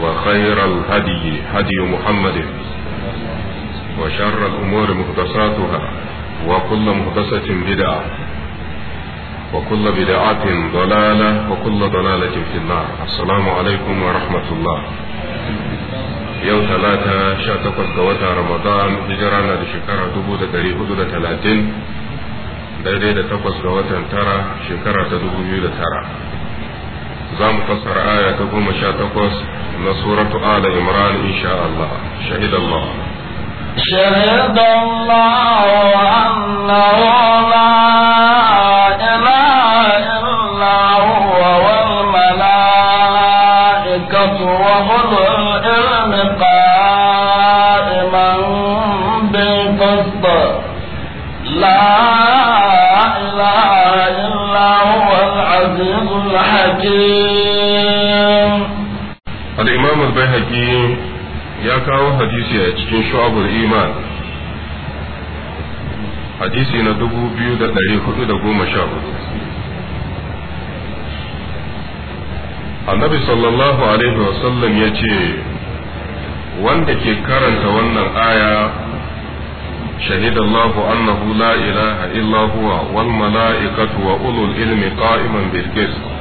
وخير الهدي هدي محمد وشر الأمور محدثاتها وكل محدثة بدعة وكل بدعة ضلالة وكل ضلالة في النار السلام عليكم ورحمة الله yau talata sha takwas ga watan ramadan hijira na da shekara dubu da dari hudu da talatin daidai da takwas ga watan tara shekara ta dubu biyu da tara za mu fassara aya ta goma sha takwas na suratu ala imran insha Allah shahid Allah شهد الله أنه لا إله إلا هو والملائكة وأولو العلم قائما بالقسط لا إله إلا هو العزيز الحكيم الإمام البيهقي يا كاو hadisi في شعب الإيمان حديثي ندبو بيو دا تاريخ دا قوم النبي صلى الله عليه وسلم يجي wanda ke karanta wannan aya shahidallahu annahu la ilaha illa huwa wal mala'ikatu wa ulul ilmi qa'iman bil qist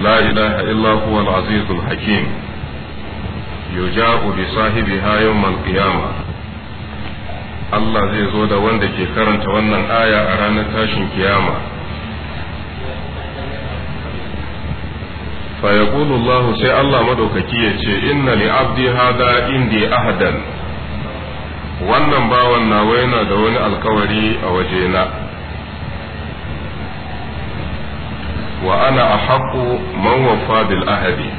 لا إله إلا هو العزيز الحكيم يجاء بصاحبها يوم القيامة Allah zai zo da wanda ke karanta wannan aya a ranar tashin kiyama. Fayaqulu Allah sai Allah madaukaki ya ce, Inna li abdi hada indi ahadan, wannan bawan nawa yana da wani alkawari a waje na. Wa'ana a ahqqu man wafa bil ahadi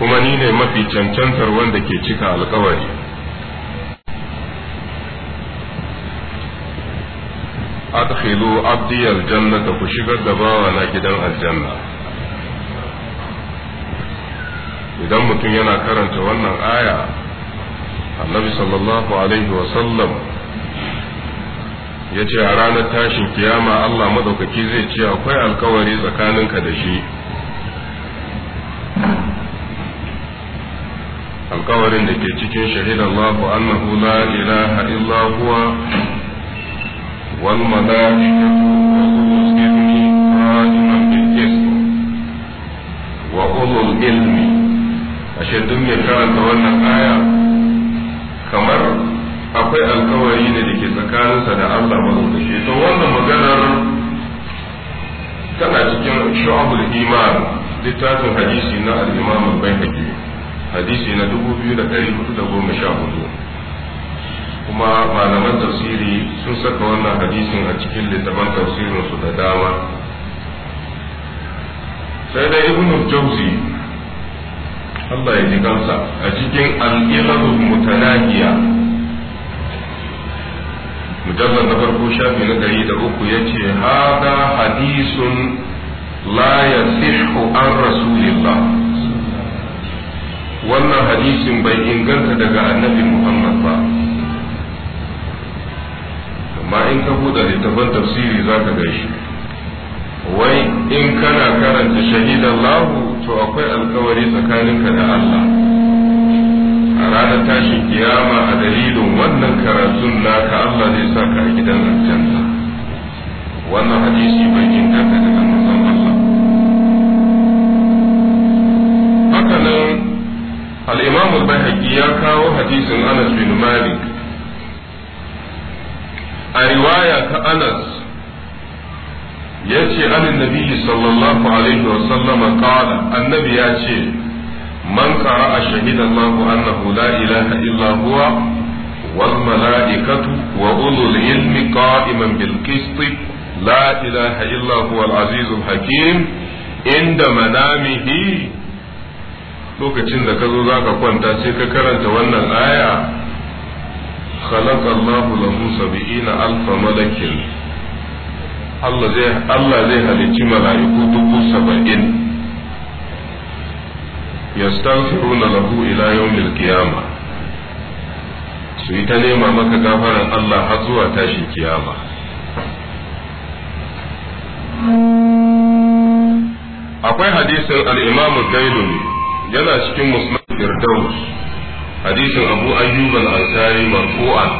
kuma ni ne mafi cancantar wanda ke cika alkawari adkhilu abdi da ku shigar da bawa na gidan aljanna idan mutum yana karanta wannan aya annabi sallallahu alaihi wa sallam ya ce a ranar tashin kiyama Allah madaukaki zai ce akwai alkawari tsakaninka da shi alkawarin da ke cikin shahidallahu annahu la ilaha illa huwa wal wa ulul ilmi ashe duk mai karanta wannan aya kamar akwai alkawari ne da ke tsakaninsa da Allah shi. to wannan maganar tana cikin shu'abul iman littafin hadisi na al-imam al-baihaqi hadisi na 2414 kuma malaman tafsiri sun saka wannan hadisin a cikin littafin tafsirin su da dama sai da ibn jawzi Allah ya ji kansa a cikin al-ilmu mutanahiya mujallar na farko shafi na ɗari da uku ya ce hada hadisun la ya an rasulillah wannan hadisin bai inganta daga annabi muhammad ba amma in ka buɗe littafin tafsiri za ka gaishe wai in kana karanta shahidan to akwai alkawari tsakaninka da allah a ranar tashin kiyama a dalilin wannan karatun naka Allah zai sa ka gidan aljanna wannan hadisi bai inganta daga manzon Allah haka nan al-Imam al-Baihaqi ya kawo hadisin Anas bin Malik a riwaya ta Anas yace anin nabiyyi sallallahu alaihi wa sallama qala annabi ya ce man a shahida Allahu annahu la ilaha illa huwa wal mala'ikatu ulul ilmi qa'iman bil qist la ilaha illa huwa hakim inda manamihi lokacin da ka zo za ka kwanta sai ka karanta wannan aya خلق الله له سبعين ألف ملك Allah zai halicci mala'iku dubu saba'in yastaghfiruna lahu ila yawmil qiyama su yi ta nema maka gafaran Allah har zuwa tashin kiyama akwai hadisin al-Imam Dailumi yana cikin Musnad Firdaus hadisin Abu Ayyub al-Ansari marfu'an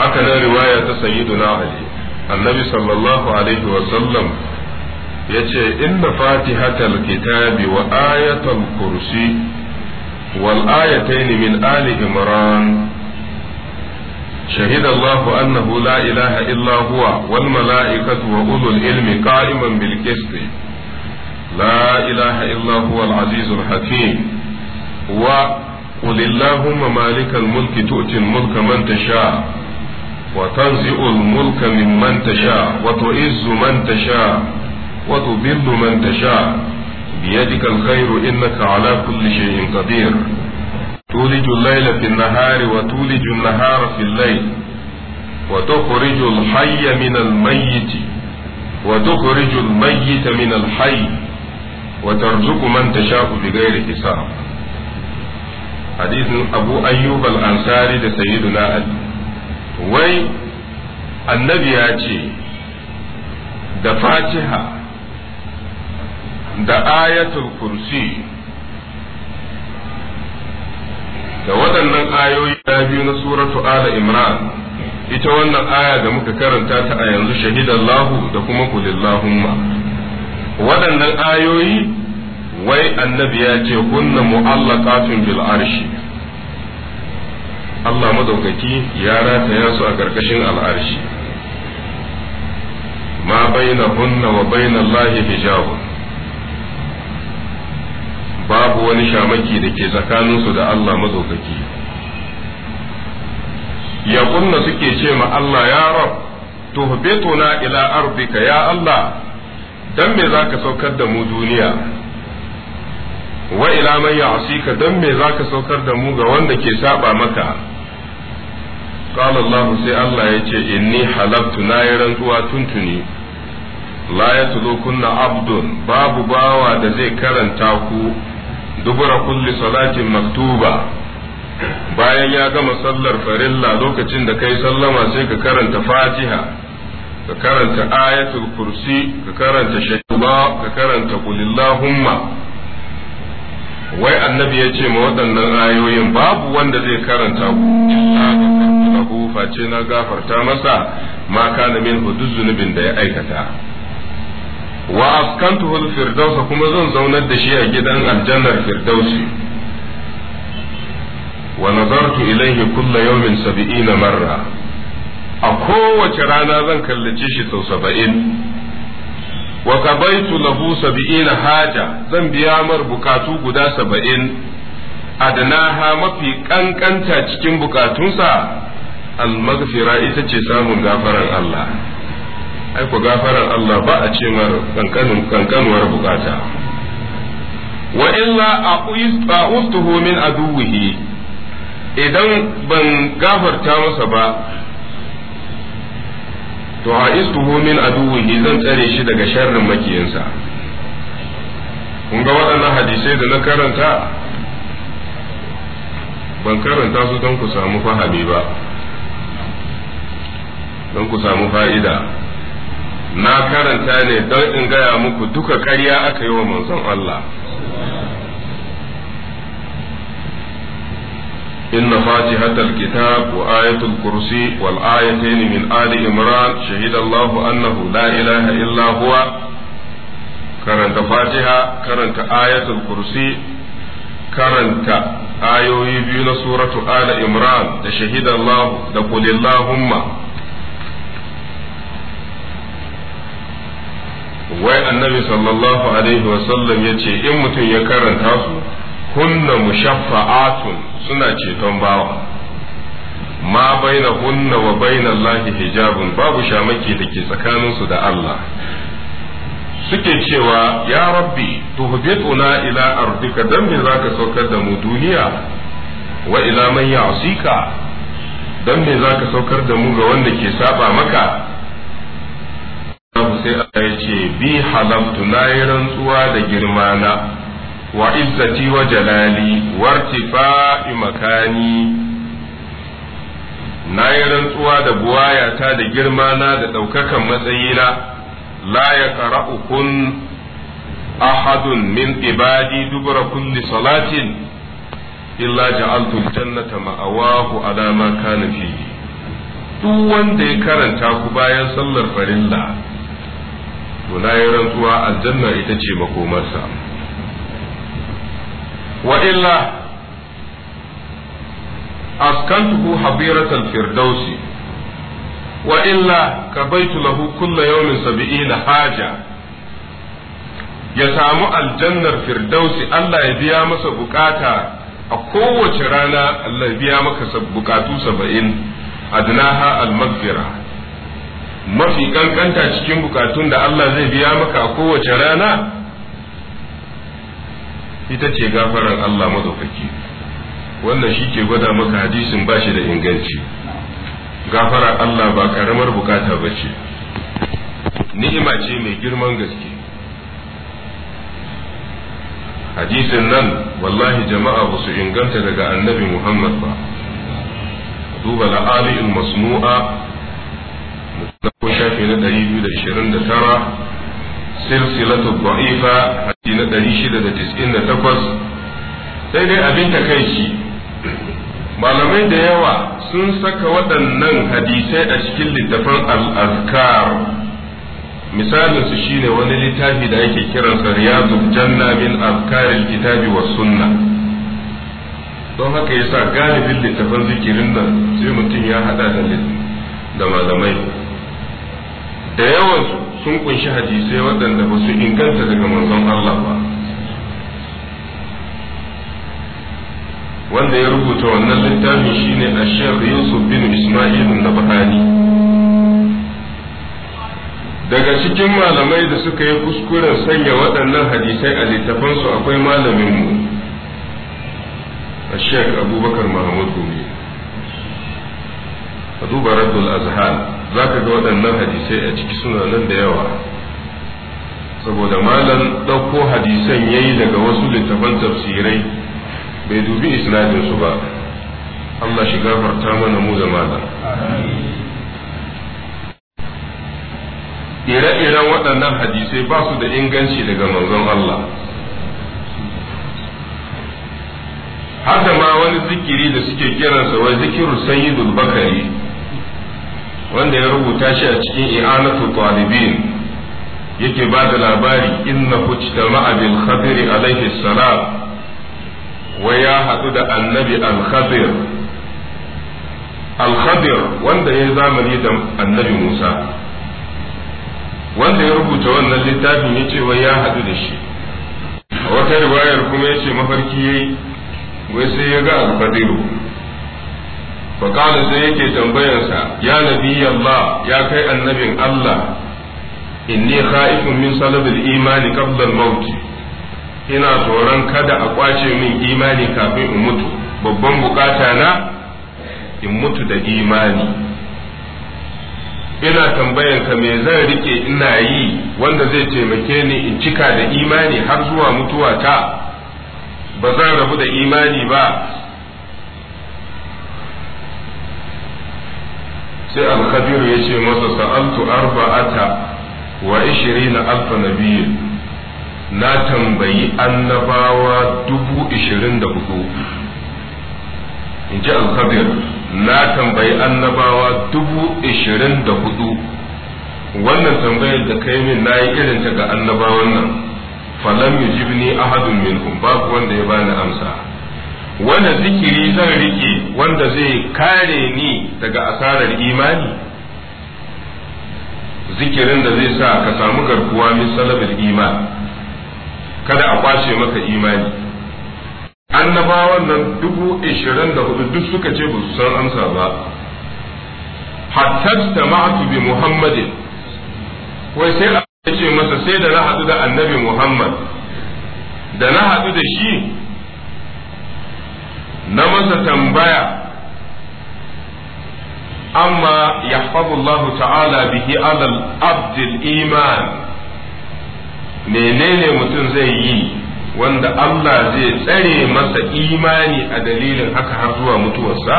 haka nan riwaya ta Sayyiduna Ali annabi sallallahu alaihi wa sallam yace inna fatihatal kitabi wa ayatul kursi wal ayatayn min ali imran شهد الله أنه لا إله إلا هو والملائكة وأولو العلم قائما بالقسط لا إله إلا هو العزيز الحكيم وقل اللهم مالك الملك تؤتي الملك من تشاء وتنزئ الملك ممن تشاء وتعز من تشاء وتضل من تشاء بيدك الخير إنك على كل شيء قدير تولج الليل في النهار وتولج النهار في الليل وتخرج الحي من الميت وتخرج الميت من الحي وترزق من تشاء بغير حساب حديث أبو أيوب الأنصاري لسيدنا علي وي النبي ياتي da fatiha da ayatul kursi da waɗannan ayoyi da biyu na suratu ala imran ita wannan aya da muka karanta ta a yanzu shahidallahu da kuma kulillahumma waɗannan ayoyi wai annabi ya ce kunna mu'allaqatun bil arshi Allah madaukaki ya rataya su a ƙarƙashin al'arshi ma bainahunna wa bainallahi hijabun babu wani shamaki da ke tsakaninsu da Allah mazaukaki ya kunna suke ce ma Allah ya rab tuhbituna ila ardika ya Allah dan me zaka saukar da mu duniya wa ila man ya'sika dan me zaka saukar da mu ga wanda ke saba maka قال الله سي الله يجي إني حلبت نايرا واتنتني لا يتلوكن عبد باب باوى دزي كرن تاكو dubura kulli salatin maktuba bayan ya gama sallar farilla lokacin da kai sallama sai ka karanta fatiha ka karanta ayatul kursi ka karanta shaiba ka karanta kulillahumma wai annabi ya ce ma waɗannan ayoyin babu wanda zai karanta ku na gafarta masa ma kana min hudu zunubin da ya aikata wa askantuhu al-firdausa kuma zan zaunar da shi a gidan aljannar firdausi wa nazartu ilayhi kulla yawmin 70 marra a kowace rana zan kallace shi sau 70 wa qabaitu lahu 70 haja zan biya mar bukatu guda saba'in adnaha mafi kankanta cikin bukatunsa al-maghfira ita ce samun gafarar Allah ai ku gafarar Allah ba a ce mar kankanuwar bukata wa illa a ustuhu min aduwihi idan ban gafarta masa ba to a istuhu min aduwihi zan tsare shi daga sharrin makiyinsa kun ga waɗannan hadisai da na karanta ban karanta su don ku samu fahami ba don ku samu fa'ida na karanta ne don in gaya muku duka ƙarya aka yi wa manzon Allah إن فاتحة الكتاب وآية الكرسي والآيتين من آل إمران شهد الله أنه لا إله إلا هو كرنت فاتحة كرنت آية الكرسي كرنت آية بين سورة آل إمران شهد الله لقل اللهم wai annabi sallallahu alaihi wasallam ya ce in mutum ya karanta su hunna mushaffa'atun suna ceton bawa ma baina hunna wa baina Allahi hijabun babu shamaki da ke tsakaninsu da Allah suke cewa ya rabbi tuhbituna ila ardika dan me zaka saukar da mu duniya wa ila man ya'sika dan me zaka saukar da mu ga wanda ke saba maka sai Allah ya ce bi halabtu na yi rantsuwa da girma na wa izzati wa jalali makani na yi rantsuwa da buwayata da girma na da ɗaukakan matsayina la ya qara'ukun ahadun min ibadi dubura kulli salatin illa ja'altu jannata ma'awahu ala ma kana duk wanda ya karanta ku bayan sallar farilla to na yi rantsuwa aljanna ita ce makomarsa wa illa askantuhu habiratal firdausi wa illa kabaitu lahu kulla yawmin sab'ina haja ya samu aljannar firdausi Allah ya biya masa bukata a kowace rana Allah ya biya maka bukatu saba'in adnaha al-maghfirah mafi kankanta cikin bukatun da Allah zai biya maka a kowace rana ita ce gafaran Allah madaukaki wannan shi ke gwada maka hadisin ba shi da inganci gafara Allah ba karamar bukata ba ce ni'ima ce mai girman gaske hadisin nan wallahi jama'a ba su inganta daga annabi Muhammad ba duba la'ali'in masnu'a ko shafi na 229 silsilatu ba'ifa, hadisi na 698 sai dai abin malamai da yawa sun saka waɗannan hadisai a cikin littafin al'azkar Misalinsu misalin su shine wani littafi da ake kiransa riyadul janna min azkaril kitabi wa sunna. don haka yasa galibin littafan zikirin nan sai mutum ya hada da da malamai da yawan sun kunshi hadisai waɗanda ba su inganta daga manzon Allah ba wanda ya rubuta wannan littafin shine a shekaru yusuf bin ismail na bahani daga cikin malamai da suka yi kuskuren sanya waɗannan hadisai a littafansu akwai malaminmu a abubakar mahmud ka duba raddul azhar za ka ga waɗannan hadisai a ciki suna nan da yawa saboda malam ɗauko hadisan yayi daga wasu littafan tafsirai bai dubi isnadin su ba Allah shi gafarta mana mu da malam ire-iren waɗannan hadisai ba su da inganci daga manzon Allah haka ma wani zikiri da suke kiransa wai zikiru sayyidul bakari wanda ya rubuta shi a cikin i'anatu talibin yake ba da labari inna mujtama'a bil khadir alaihi salam wa ya hadu da annabi al khadir al khadir wanda ya zamani da annabi Musa wanda ya rubuta wannan littafin ya ce wai ya hadu da shi wata riwayar kuma ya ce mafarki yayi wai sai ya ga al khadiru faƙala sai yake tambayarsa ya nabi Allah ya kai annabin Allah inni kha'ifun min salabil imani qabla al-maut ina tsoron kada a kwace min imani kafin in mutu babban bukata na in mutu da imani ina tambayan me zan rike ina yi wanda zai taimake ni in cika da imani har zuwa mutuwa ta ba zan rabu da imani ba sai alkhadiru ya ce masa sa'altu arba'ata wa ishirina alfa na tambayi annabawa dubu ishirin da hudu in ji na tambayi annabawa dubu ishirin da hudu wannan tambayar da kai min na yi irinta ga annabawan nan falam yujibni ahadun minhum babu wanda ya bani amsa wanda zikiri zan rike wanda zai kare ni daga asarar imani zikirin da zai sa ka samu garkuwa min salabil iman kada a kwashe maka imani annabawan nan dubu ishirin da hudu duk suka ce ba su san amsa ba hatta jama'atu bi muhammadin wai sai a ce masa sai da na haɗu da annabi muhammad da na haɗu da shi na masa tambaya amma yahfazu Allah ta'ala bihi alal abdil iman menene mutum zai yi wanda Allah zai tsare masa imani a dalilin haka har zuwa mutuwarsa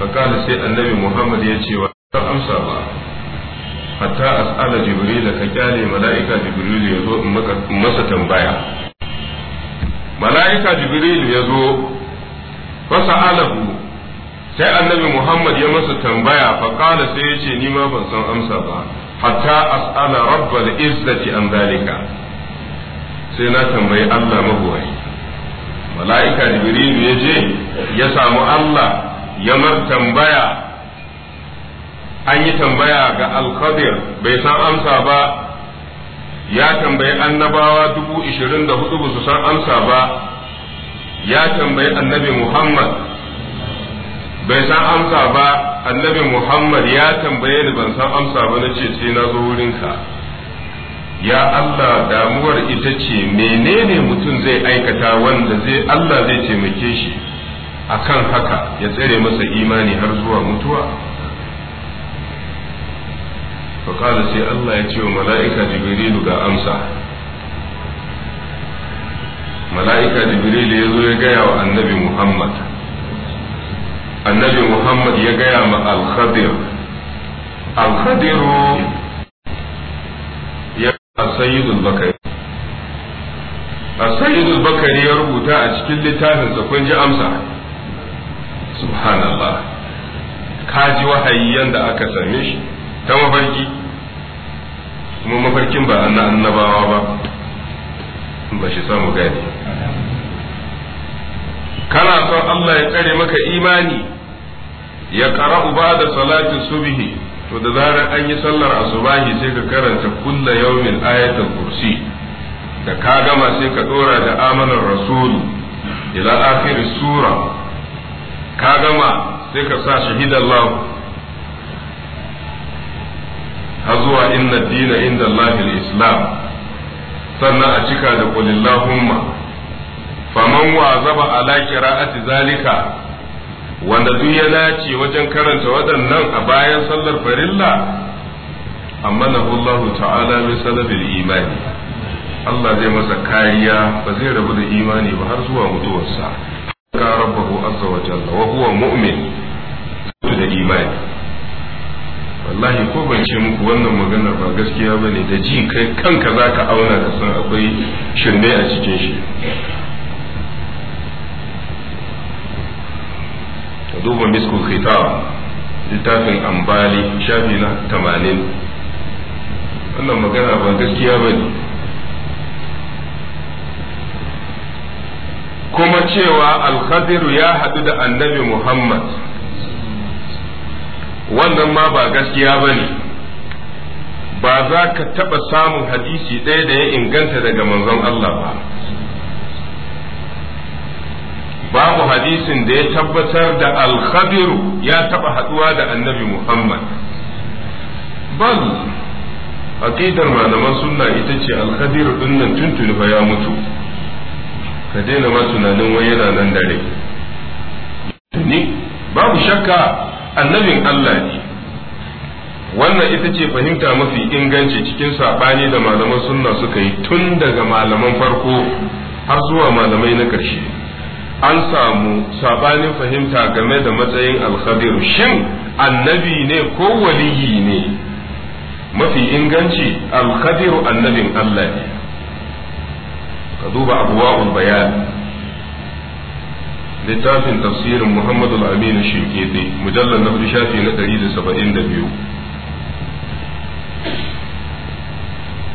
fakala sai annabi Muhammad ya ce wa amsa ba hatta as'ala jibril ka kyale mala'ika jibril ya zo in masa tambaya mala'ika jibril ya zo fasa'alahu sai annabi muhammad ya masa tambaya faƙala sai ya ce ni ma ban san amsa ba hatta as'ala rabbal izzati an dalika sai na tambayi allah mabuwayi mala'ika jibril ya je ya samu allah ya mar tambaya an yi tambaya ga alkhadir bai san amsa ba ya tambayi annabawa dubu ishirin da hudu ba su san amsa ba ya tambayi annabi muhammad bai san amsa ba annabi muhammad ya tambaye ni ban san amsa ba na ce sai na zo wurinka ya allah damuwar ita ce menene mutum zai aikata wanda zai allah zai taimake shi akan haka ya tsere masa imani har zuwa mutuwa faƙala sai Allah ya ce wa mala'ika jibrilu ga amsa mala'ika jibrilu ya zo ya gaya wa annabi muhammad annabi muhammad ya gaya ma al-khadir al-khadiru ya sayyidul bakari sayyidul bakari ya rubuta a cikin littafinsa kun ji amsa subhanallah kaji wahayi yanda aka same shi ta mafarki kuma mafarkin ba na annabawa ba ba shi samu gani kana son Allah ya tsare maka imani ya qara'u ba'da su subhi to da zarar an yi sallar asubahi sai ka karanta kulla yawmin ayatul kursi da ka gama sai ka dora da amanar rasulu ila akhir sura ka gama sai ka sa shahidallahu har zuwa inna dina inda Allahil Islam sannan a cika da kulillahumma faman wa zaba ala qira'ati zalika wanda duk ya dace wajen karanta waɗannan a bayan sallar farilla amma Allah ta'ala min salabil imani Allah zai masa kariya ba zai rabu da imani ba har zuwa mutuwarsa ka rabbahu azza wa jalla wa huwa mu'min da imani wallahi ko ban ce muku wannan maganar ba gaskiya ba ne da ji kai kanka za ka auna da san akwai shirme a cikin shi ka duba miskul khitab littafin ambali shafi na tamanin wannan magana ba gaskiya ba ne kuma cewa alkhadiru ya haɗu da annabi muhammad wannan ma ba gaskiya ba ne ba za ka taɓa samun hadisi ɗaya da ya inganta daga manzon Allah ba babu hadisin da ya tabbatar da alkhabiru ya taɓa haɗuwa da annabi Muhammad ban aqidar malaman sunna ita ce alkhabiru ɗin nan tuntuni fa ya mutu ka daina ma tunanin wai yana nan dare ne. babu shakka annabin Allah ne wannan ita ce fahimta mafi inganci cikin saɓani da malaman sunna suka yi tun daga malaman farko har zuwa malamai na ƙarshe an samu saɓanin fahimta game da matsayin alkhadiru shin annabi ne ko waliyi ne mafi inganci alkhadir annabin Allah ne ka duba abuwa bayan littafin tafsirin muhammadu al-amin shinkiti mujallar na shafi na 172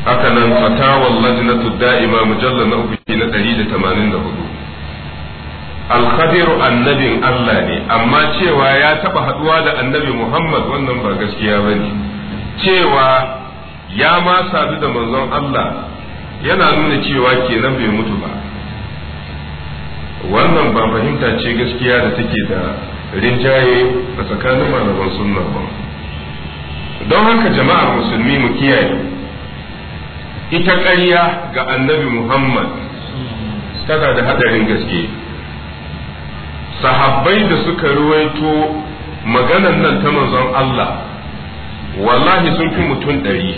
haka nan fatawar lajnatu da'ima mujallar na uku na 184 alkhadiru annabin Allah ne amma cewa ya taba haduwa da annabi Muhammad wannan ba gaskiya bane cewa ya ma sadu da manzon Allah yana nuna cewa kenan bai mutu ba wannan ba fahimta ce gaskiya da take da rinjaye a tsakanin malaman sunna ba don haka jama'a musulmi mu kiyaye ita ƙarya ga annabi muhammad tana da haɗarin gaske sahabbai da suka ruwaito maganan nan ta manzon allah wallahi sun fi mutum ɗari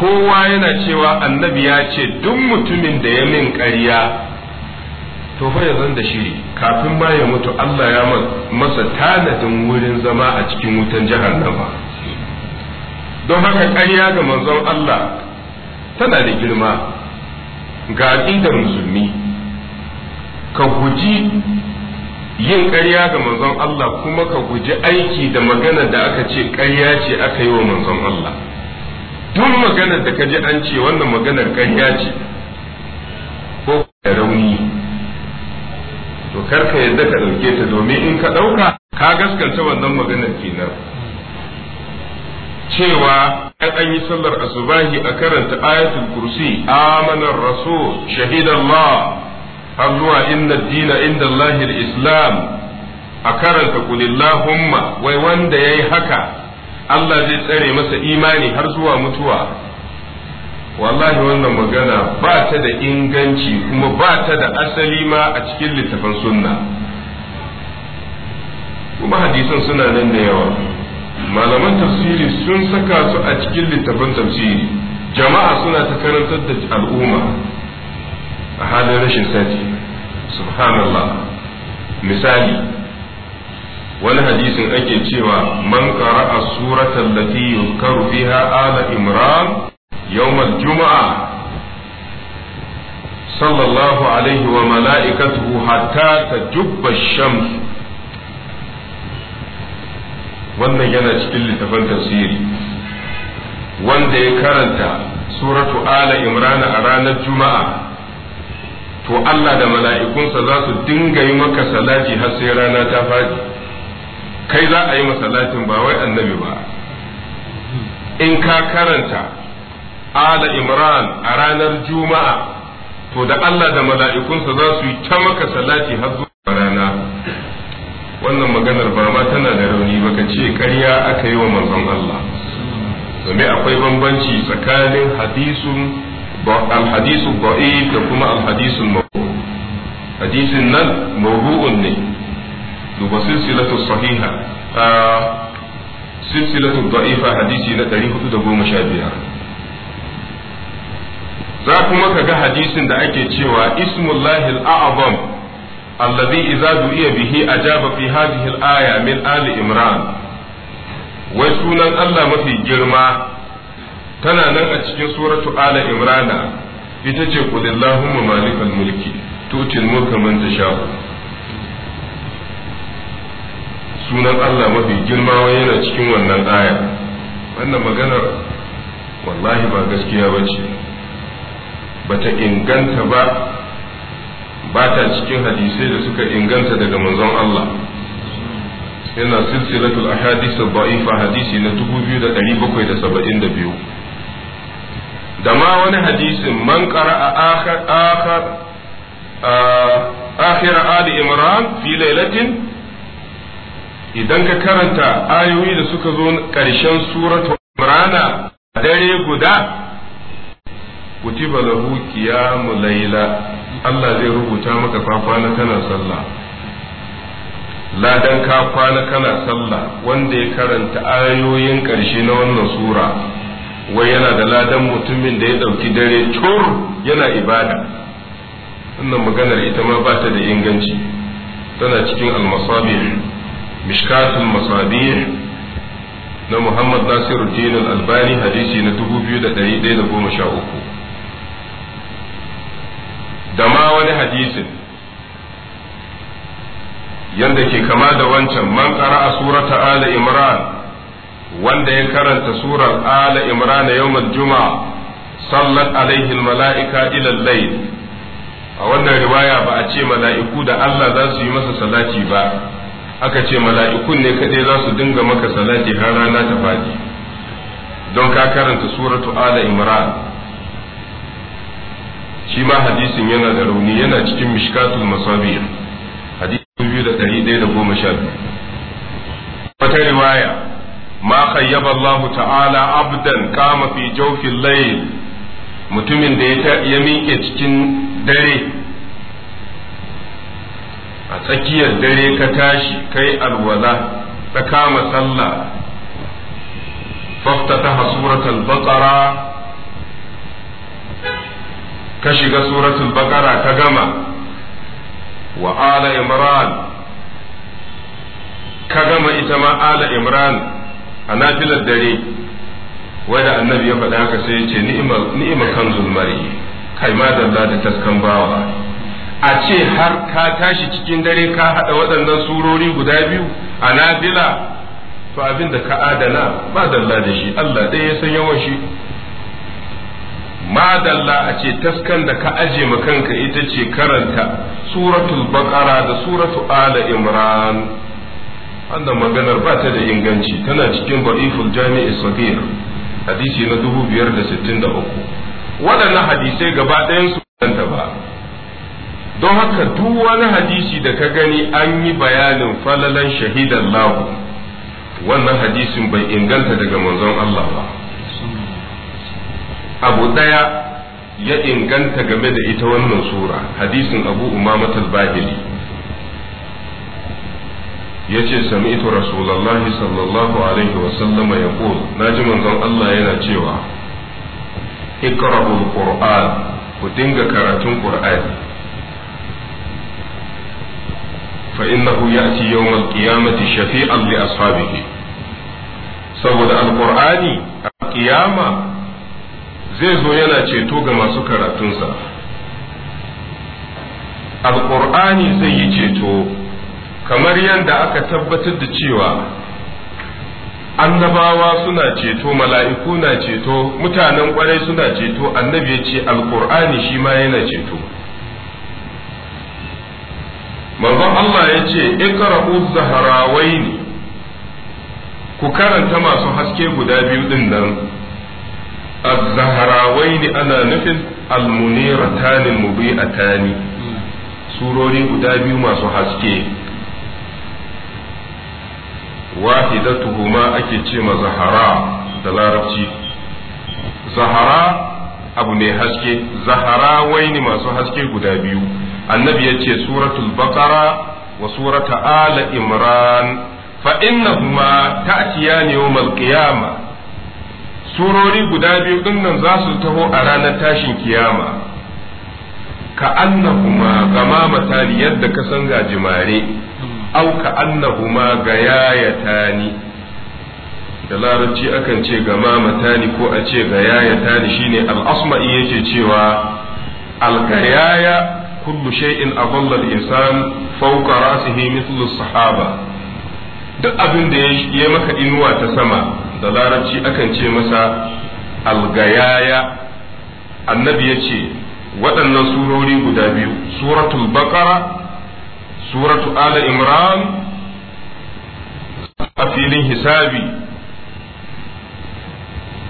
kowa yana cewa annabi ya ce duk mutumin da ya min ƙarya to fa yanzu da shiri kafin ba ya mutu Allah ya masa tanadin wurin zama a cikin wutan jahannama don haka ƙarya ga manzon Allah tana da girma ga inda musulmi ka guji yin ƙarya ga manzon Allah kuma ka guji aiki da magana da aka ce ƙarya ce aka yi wa manzon Allah duk maganar da ka ji an ce wannan maganar ƙarya ce ko rauni to kar ka yadda ka ɗauke ta domin in ka ɗauka ka gaskanta wannan maganar kenan cewa an an yi sallar asubahi a karanta ayatul kursi amanar rasul shahidallah har zuwa inna dina inda islam a karanta kulillahumma wai wanda ya yi haka Allah zai tsare masa imani har zuwa mutuwa wallahi wannan magana ba ta da inganci kuma ba ta da asali ma a cikin littafan sunna kuma hadisan suna nan da yawa malaman tafsiri sun saka su a cikin littafin tafsiri jama'a suna ta karantar da al'umma a halin rashin sati subhanallah misali wani hadisin ake cewa man qara'a suratal lati yuzkaru fiha ala imran Yau juma'a sallallahu alaihi wa mala'ikatuhu hatta tajubba shams wannan yana cikin littafin tafsiri wanda ya karanta suratu ala imran a ranar juma'a to Allah da mala'ikunsa za su dinga yi maka salati har sai rana ta faɗi kai za a yi masalatin ba wai annabi ba in ka karanta ala imran a ranar juma'a to da Allah da mala'ikunsa za su yi ta maka salati har zuwa rana wannan maganar ba ma tana da rauni ba ka ce ƙarya aka yi wa manzon Allah domin akwai bambanci tsakanin hadisun alhadisu ba'i da kuma alhadisun mabu hadisin nan mabu'un ne duba silsilatu sahiha a ah, silsilatu da'ifa hadisi na 415 za kuma ka ga hadisin da ake cewa ismullahi al'azam alladhi idza du'iya bihi ajaba fi hadhihi al-aya min ali imran wai sunan Allah mafi girma tana nan a cikin suratu ala imran ita ce qulillahumma malikal mulki tutil mulka man tasha sunan Allah mafi girma wai yana cikin wannan aya wannan maganar wallahi ba gaskiya bace bata inganta ba ba ta cikin hadisai da suka inganta daga manzon Allah yana silsilatul ahadith da'ifa hadisi na 2772 da ma wani hadisin man qara'a akhar akhar akhir ali imran fi lailatin idan ka karanta ayoyi da suka zo karshen suratul a dare guda kutiba lahu qiyamu layla Allah zai rubuta maka kwana kana sallah ladan ka kwana kana sallah wanda ya karanta ayoyin ƙarshe na wannan sura wai yana da ladan mutumin da ya ɗauki dare cur yana ibada wannan maganar ita ma ba ta da inganci tana cikin almasabih mishkatul masabih na muhammad Nasiru al-albani hadisi na 2113 da ma wani hadisin yanda ke kama da wancan man a surata ala imran wanda ya karanta surar ala imran yawmal juma'a sallat alaihi mala'ika ila al-layl a wannan riwaya ba a ce mala'iku da Allah za su yi masa salati ba aka ce mala'ikun ne kaɗai za su dinga maka salati har rana ta fadi don ka karanta suratu ala imran shi ma hadisin yana da rauni yana cikin mishkatul masabih hadisin biyu da da goma sha biyu wata riwaya ma khayyaba Allah ta'ala abdan kama fi jawfil layl mutumin da ya miƙe cikin dare a tsakiyar dare ka tashi kai alwala ta kama sallah faftataha suratul baqara ka shiga suratul baqara ka gama wa ala imran ka gama ita ma ala imran a nafilar dare wanda annabi ya faɗa haka sai ya ce ni'ima kan zulmari kai ma dalla da taskan bawa a ce har ka tashi cikin dare ka haɗa waɗannan surori guda biyu a nafila to abin da ka adana ba dalla da shi Allah ɗaya ya san yawan shi madalla a ce taskan da ka aje ma kanka ita ce karanta suratul baqara da suratu ala imran wannan maganar ba ta da inganci tana cikin da'iful jami'i sagir hadisi na 563 wannan hadisai gaba ɗayan su ba don haka duk wani hadisi da ka gani an yi bayanin falalan shahidan lahu wannan hadisin bai inganta daga manzon Allah ba abu daya ya inganta game da ita wannan sura hadisin abu umama talbahili ya ce sami'tu rasulallahi sallallahu alaihi wasallam ya na ji manzon Allah yana cewa ikra'ul qur'an ku dinga karatun ƙur'ani. fa innahu ya'ti yawm al-qiyamati shafi'an li ashabihi saboda al-qur'ani zai zo yana ceto ga masu karatunsa alƙur'ani zai yi ceto kamar yadda aka tabbatar da cewa annabawa suna ceto mala'iku na ceto mutanen kwarai suna ceto annabi ya ce alƙur'ani shi ma yana ceto manzon Allah ya ce ikra'u ne. ku karanta masu haske guda biyu din nan الزهراوين أنا نفل المنيرتان المبيئتان سوروري قدابي ما سحسكي واحدتهما أكيتشيما زهراء دلارتي زهراء abu ne haske wai ne masu haske guda biyu annabi ya ce suratul baqara wa surata ala imran fa innahuma ta'tiyani yawmal qiyamah surori guda biyu dinnan za su taho a ranar tashin kiyama ka annahuma gama matani yadda ka san gajimare au ka annahuma ga yayatani da larabci akan ce gama matani ko a ce ga yayatani shine al-asma'i yake cewa al-gayaya kullu shay'in adalla al-insan fawqa ra'sihi mithlu as-sahaba duk abin da ya maka inuwa ta sama da larabci akan ce masa algayaya annabi ya ce waɗannan surori guda biyu suratul baqara suratu ala imran a filin hisabi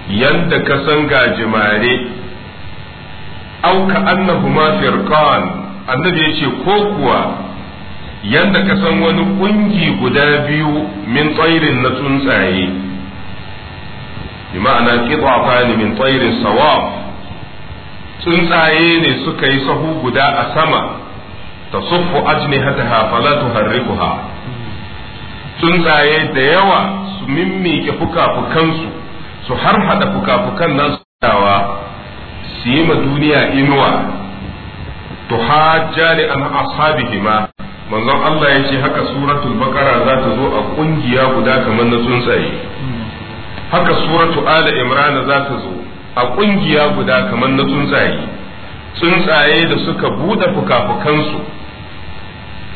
Yadda ka san gajimare auka annahuma firqan annabi ya ce ko kuwa yanda ka san wani ƙungi guda biyu min tsairin na tsuntsaye bi ma'ana qitafan min tayrin sawab tsuntsaye ne suka yi sahu guda a sama tasuffu ajnihataha fala tuharrikuha tsuntsaye da yawa su mimmike fuka-fukansu su har hada fuka-fukan nan su yi ma duniya inuwa tuhajjali an ashabihima manzon Allah ya ce haka suratul baqara za ta zo a ƙungiya guda kamar na tsuntsaye haka suratu ala imran za ta zo a kungiya guda kamar na tsuntsaye tsuntsaye da suka buɗe fukafukansu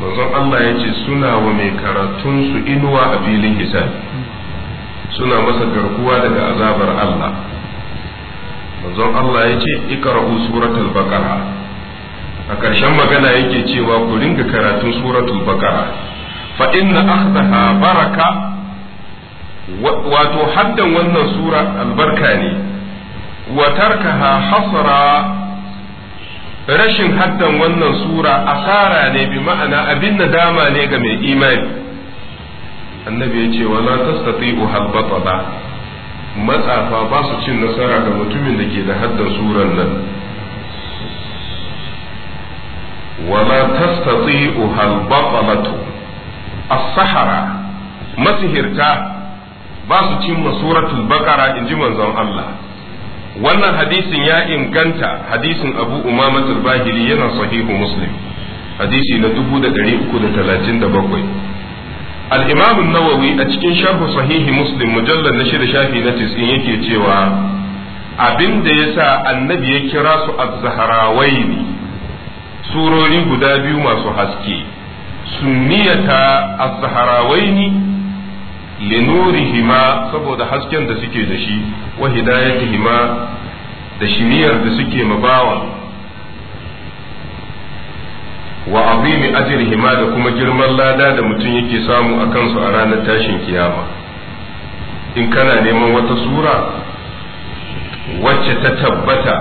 manzon Allah ya ce suna wa mai karatun su inuwa a filin hisab suna masa garkuwa daga azabar Allah manzon Allah ya ce ikra'u suratul baqara a ƙarshen magana yake cewa ku ringa karatun suratul baqara fa inna akhdaha baraka wato haddan wannan sura albarka ne wa tarkaha hasara rashin haddan wannan sura asara ne bi ma'ana abin nadama ne ga mai imani annabi ya ce wala tastati'u halbata ba matsafa ba su cin nasara ga mutumin da ke da haddan suran nan wala tastati'u halbata as-sahara masihirta ba su cimma suratul bakara in ji manzon Allah wannan hadisin ya inganta hadisin abu umama bahiri yana sahihu muslim hadisi na 337 al-imam an-nawawi a cikin sharh sahihi muslim mujallal na shida shafi na 90 yake cewa abin da yasa annabi ya kira su az surori guda biyu masu haske sunniyata az-zahrawaini linurihima saboda hasken da suke da shi wa hidayatihima da shiriyar da suke mabawa wa azimi ajrihima da kuma girman lada da mutum yake samu a kansu a ranar tashin kiyama in kana neman wata sura wacce ta tabbata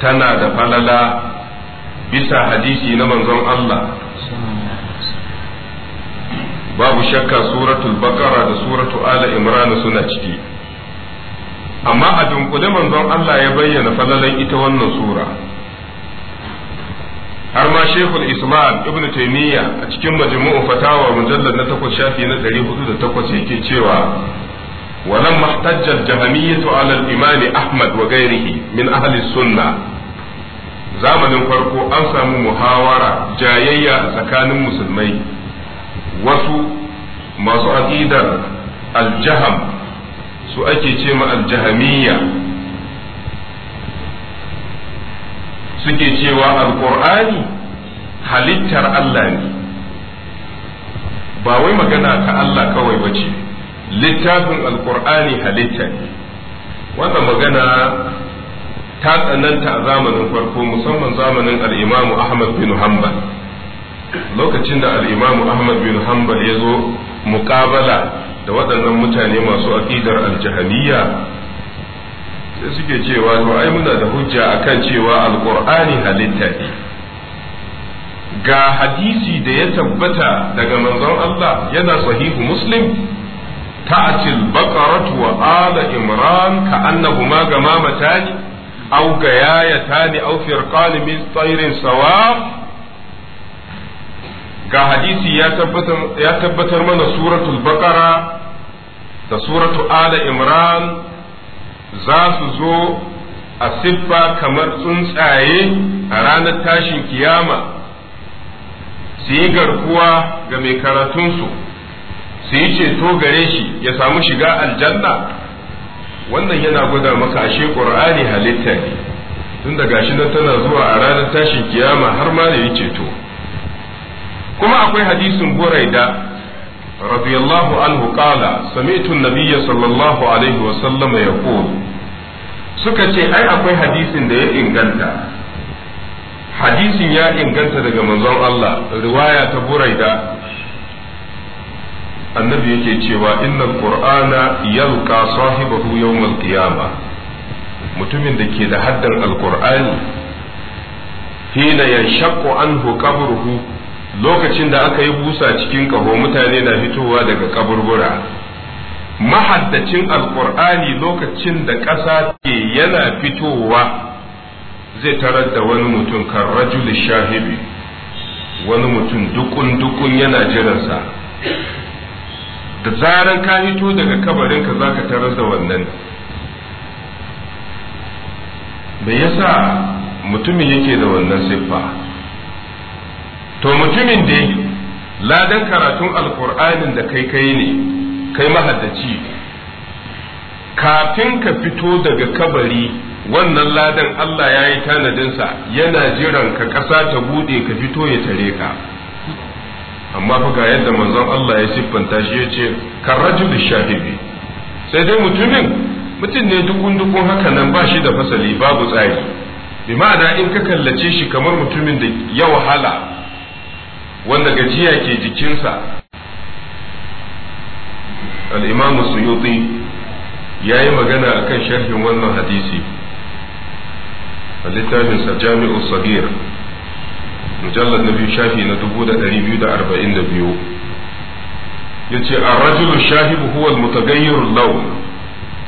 tana da falala bisa hadisi na manzon Allah babu shakka suratul baqara da suratul ala imran suna ciki amma a dunkule manzon Allah ya bayyana falalan ita wannan sura har ma shekul ismail ibn taimiyya a cikin majmu'u fatawa mujallar na takwas shafi na 408 yake cewa ولما احتج الجهمية على الإمام أحمد وغيره من أهل السنة zamanin farko an samu muhawara jayayya a tsakanin musulmai wasu masu aƙidar aljaham su ake ce ma aljahamiyya suke cewa Alƙur'ani halittar Allah ne ba wai magana ta Allah kawai ba ce littafin Alƙur'ani halitta ne wannan magana ta tsananta a zamanin farko musamman zamanin al'imamu Ahmad bin Hanbal lokacin da al'imamu ahmad bin hanbal ya zo muƙabala da waɗannan mutane masu aƙidar aljahaniya sai suke cewa to ai muna da hujja akan cewa alƙur'ani halitta ne ga hadisi da ya tabbata daga manzon Allah yana sahihu muslim ta'atil baqaratu wa ala imran ka'annahuma gamamatan aw gayayatan aw firqan min tayrin sawab ga hadisi ya tabbatar mana suratul baqara da suratul ala imran za su zo a siffa kamar tsuntsaye a ranar tashin kiyama su yi garkuwa ga mai karatunsu su yi ceto gare shi ya samu shiga aljanna wannan yana gwada maka ashe ƙur'ani halitta ne tun da gashi na tana zuwa a ranar tashin kiyama har ma da yi ceto kuma akwai hadisin buraida radiyallahu anhu qala sami'tu an-nabiyya sallallahu alaihi wa sallam yaqul suka ce ai akwai hadisin da ya inganta hadisin ya inganta daga manzon Allah riwaya ta buraida annabi yake cewa innal qur'ana yalqa sahibahu yawmal qiyamah mutumin da ke da haddan alqur'ani hina shaƙu anhu qabruhu lokacin da aka yi busa cikin ƙaho mutane na fitowa daga kaburbura mahaddacin alkur'ani lokacin da ƙasa ke yana fitowa zai tarar da wani mutum kan rajul shahibi wani mutum dukun dukun yana jiransa da zaran ka fito daga kabarinka za ka tarar da wannan me yasa mutumin yake da wannan siffa to mutumin da ladan karatun alkur'anin da kai kai ne kai mahaddaci kafin ka fito daga kabari wannan ladan Allah ya yi tanadinsa yana jiran ka ƙasa ta buɗe ka fito ya tare ka amma fa ga yadda manzon Allah ya siffanta shi ya ce da shahibi sai dai mutumin mutum ne dukun dukun haka nan ba shi da fasali babu tsari bi ma'ana in ka kallace shi kamar mutumin da ya wahala wanda gajiya ke jikinsa al'imamu suyuti ya yi magana a kan sharhin wannan hadisi a littafinsa jami'u sabir mujallar na biyu shafi na 2,242 ya ce a rajulu shahibu huwal mutagayyar laun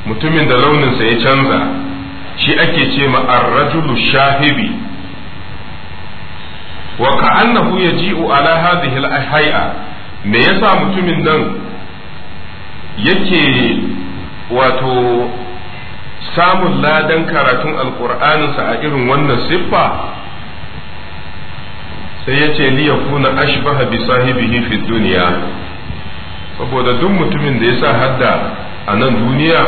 mutumin da launinsa ya canza shi ake ce ma a rajulu shahibi wa ka'annahu yaji'u ala hadhihi al-hay'a me yasa mutumin nan yake wato samun ladan karatun alkur'aninsa a irin wannan siffa sai ya ce ya kuna ashbaha bi sahibihi fi duniya saboda duk mutumin da ya sa hadda a nan duniya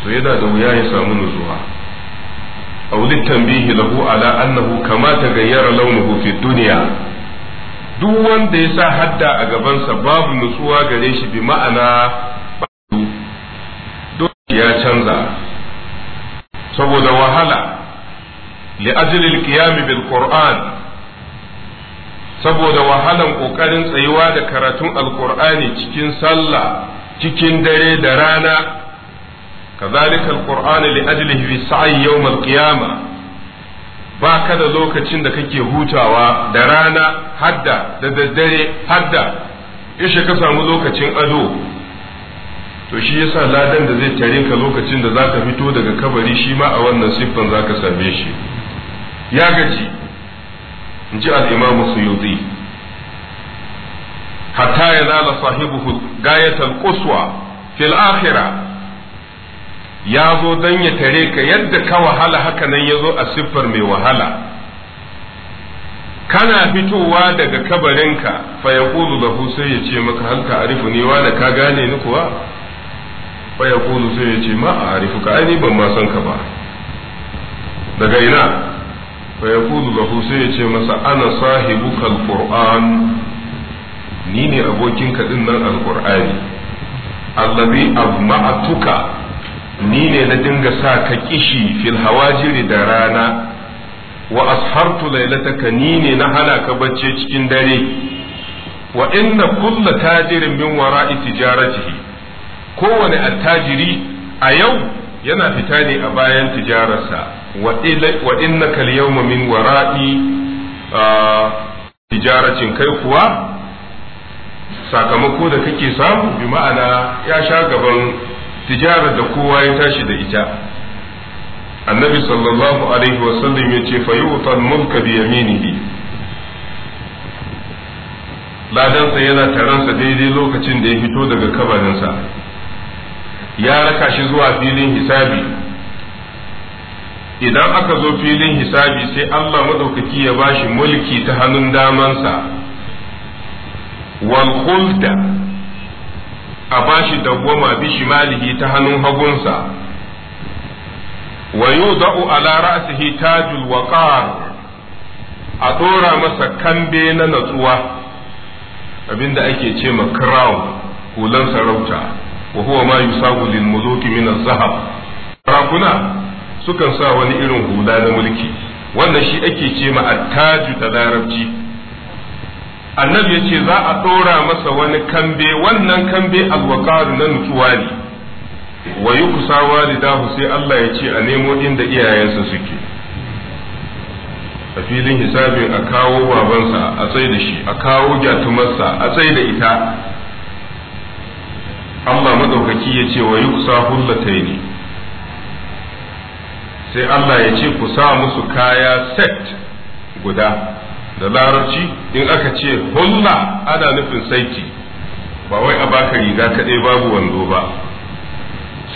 to yana da wuya ya samu nutsuwa aw litanbihi lahu ala annahu kamata tagayyara launuhu fi dunya duk wanda ya sa hadda a gabansa babu nutsuwa gare shi bi ma'ana ya canza saboda wahala li'ajli al bil qur'an saboda wahalan kokarin tsayuwa da karatun alqur'ani cikin sallah cikin dare da rana كذلك القرآن لأجله في yau يوم القيامة baka da lokacin da kake hutawa da rana hadda da daddare hadda ishe ka samu lokacin ado to shi yasa ladan da zai tare ka lokacin da zaka fito daga kabari shi ma a wannan siffan zaka same shi ya gaji in ji al-imam suyuti hatta la sahibuhu gayatal quswa fil akhirah ya zo don ya tare ka yadda ka wahala haka nan ya zo a siffar mai wahala kana fitowa daga kabarinka fa ya kulu da sai ya ce maka halka arifu ne newa da ka gane ni kuwa fa ya kulu sai ya ce ma a arifu ka ai ban ma san ka ba daga ina fa ya kulu da sai ya ce masa ana sahibuka alquran ni ne abokinka din nan alqur'ani allazi azma'atuka ni ne na dinga sa ka kishi fil hawajiri da rana wa ashartu lailataka ni ne na hana ka bacci cikin dare wa inna kulla tajirin min wara'i tijaratihi kowane attajiri a yau yana fita ne a bayan tijararsa wa innaka al-yawma min wara'i tijaratin kai kuwa sakamako da kake samu bi ma'ana ya sha gaban tijarar da kowa ya tashi da ita annabi sallallahu alaihi wasallam ya ce fa yutan mulka bi yaminihi ladansa yana taransa daidai lokacin da ya fito daga kabarinsa ya raka shi zuwa filin hisabi idan aka zo filin hisabi sai Allah madaukaki ya bashi mulki ta hannun damansa wal khulda a bashi dawwama bi malihi ta hannun hagunsa wa yudau ala ra'sihi tajul waqar a dora masa kambe na natsuwa abinda ake ce ma crown hulan sarauta wa huwa ma yusabu lil muluki min az-zahab rakuna sukan sa wani irin hula na mulki wannan shi ake ce ma at-taju da larabci annabi ya ce za a ɗora masa wani kambe wannan kambe alwakaru na nutsuwa ne wa yi kusa walidahu sai Allah ya ce a nemo inda iyayensa suke a filin hisabin a kawo babansa a tsai da shi a kawo gyatumarsa a tsai da ita Allah madaukaki ya ce wa yi kusa hullatai ne sai Allah ya ce ku sa musu kaya set guda da larabci in aka ce hulla ana nufin saiti ba wai a baka riga kaɗai babu wando ba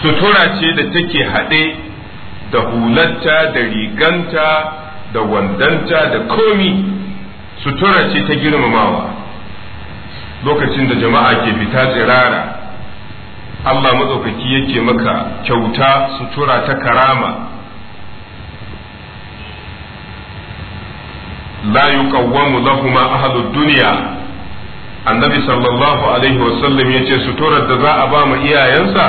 sutura ce da take haɗe da hularta da riganta da wandanta da komi sutura ce ta girmamawa lokacin da jama'a ke fita tsirara Allah matsaukaki yake maka kyauta sutura ta karama la yuqawwamu lahuma ahlud duniya. annabi sallallahu alaihi wasallam yace suturar da za a ba mu iyayensa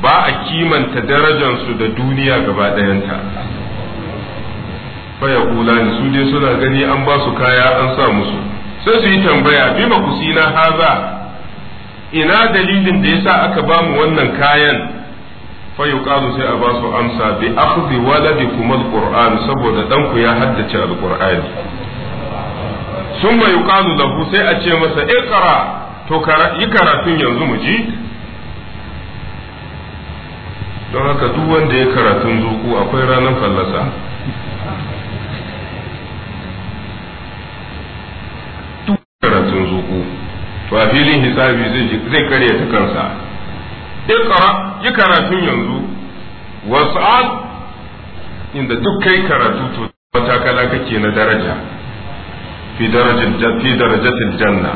ba a kimanta darajansu da duniya gaba dayanta. fa yaqula su dai suna gani an ba su kaya an sa musu sai su yi tambaya bima kusina haza ina dalilin da yasa aka ba mu wannan kayan fayuqalu sai a ba su amsa bi akhdhi waladikum alquran saboda dan ku ya haddace alqur'ani summa yuqalu lahu sai a ce masa iqra to yi karatun yanzu mu ji don haka duk wanda ya karatun zuku akwai ranar fallasa duk karatun zuku to a filin hisabi zai karya ta kansa iqra yi karatun yanzu was'ad inda duk kai karatu to matakala kake na daraja fi darajin fi darajatil janna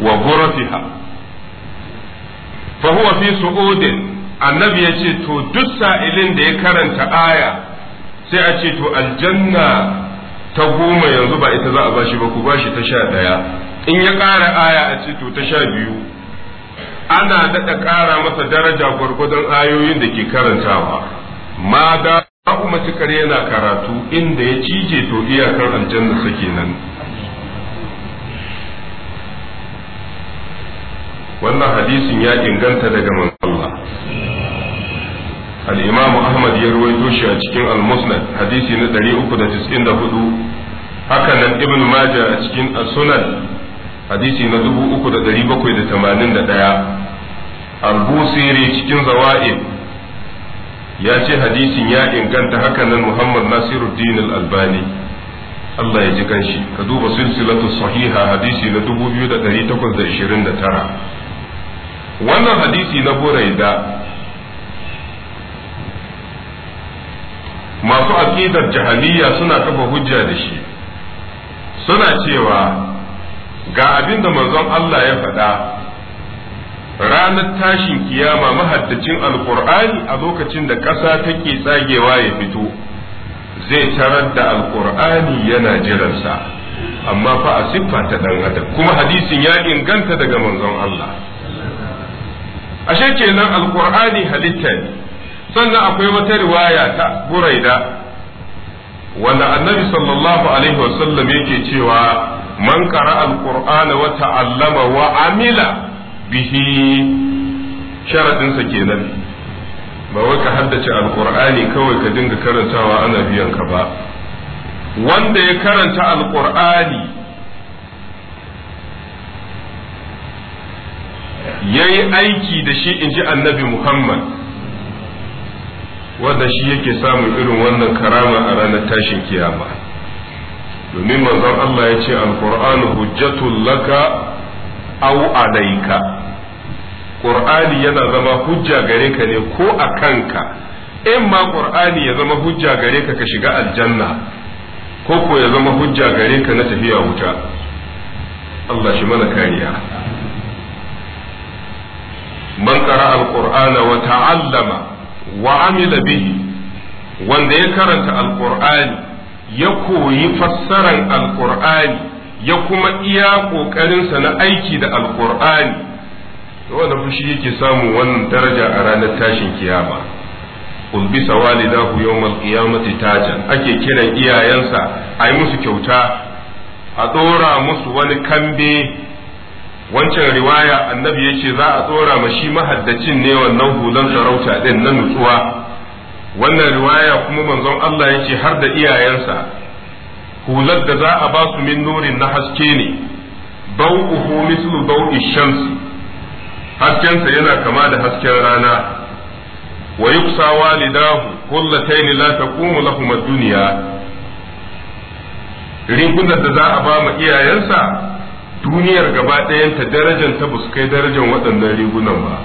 wa ghurafiha fa huwa fi su'udin annabi yace to duk sa'ilin da ya karanta aya sai a ce to aljanna ta goma yanzu ba ita za a bashi ba ku bashi ta sha daya in ya ƙara aya a ce to ta sha biyu ana daɗa ƙara masa daraja gwargwadon ayoyin da ke karantawa ma da abu yana karatu inda ya cije to iyakar aljanna suke nan wannan hadisin ya inganta daga man Allah al-imamu Ahmad ya ruwaito shi a cikin al-Musnad hadisi na 394 haka nan Ibn Majah a cikin as-Sunan hadisi na 3781 al-busiri cikin zawa'id ya ce hadisin ya inganta hakanan muhammad nasiruddin al-albani Allah ya ji kanshi ka duba silsilatu sahiha hadisi na 2829 wannan hadisi na buraida masu aƙidar jahiliya suna kafa hujja da shi suna cewa ga abin da manzon Allah ya faɗa ranar tashin kiyama mahaddacin alkur'ani a lokacin da ƙasa take tsagewa ya fito zai tarar da alkur'ani yana jiransa amma fa a siffa ta ɗan adam kuma hadisin ya inganta daga manzon Allah ashe kenan alkur'ani halitta ne sannan akwai wata riwaya ta buraida wanda annabi sallallahu alaihi wasallam yake cewa man qara alqur'ana wa ta'allama wa amila bihi sharadin kenan ba wai ka haddace alqur'ani kawai ka dinga karantawa ana biyan ka ba wanda ya karanta alqur'ani yayi aiki da shi inji annabi Muhammad wanda shi yake samun irin wannan karamar a ranar tashin kiyama domin manzon Allah ya ce alqur'anu hujjatul laka aw alayka qur'ani yana zama hujja gare ka ne ko a kanka in ma qur'ani ya zama hujja gare ka ka shiga aljanna ko ko ya zama hujja gare ka na tafiya wuta Allah shi mana kariya man qara alqur'ana wa ta'allama wa amila bihi wanda ya karanta alqur'ani ya koyi fassarar alkur'ani ya kuma iya ƙoƙarinsa na aiki da alkur'ani wanda fushi yake samu wannan daraja a ranar tashin kiyama ulbisa walidahu yawmal kiyamati tajan ake kiran iyayensa a yi musu kyauta a ɗora musu wani kambe wancan riwaya annabi yace za a tsora ma shi mahaddacin ne wannan hulan sarauta ɗin na nutsuwa wannan riwaya kuma manzon Allah ya ce har da iyayensa hular da za a ba su min nurin na haske ne uhu mislu bau shamsi haskensa yana kama da hasken rana wa yuksa walidahu kullatayn la taqumu lahum ad-dunya rigunar da za a ba ma iyayensa duniyar gaba ɗayanta darajar ta buskai darajar waɗannan rigunan ba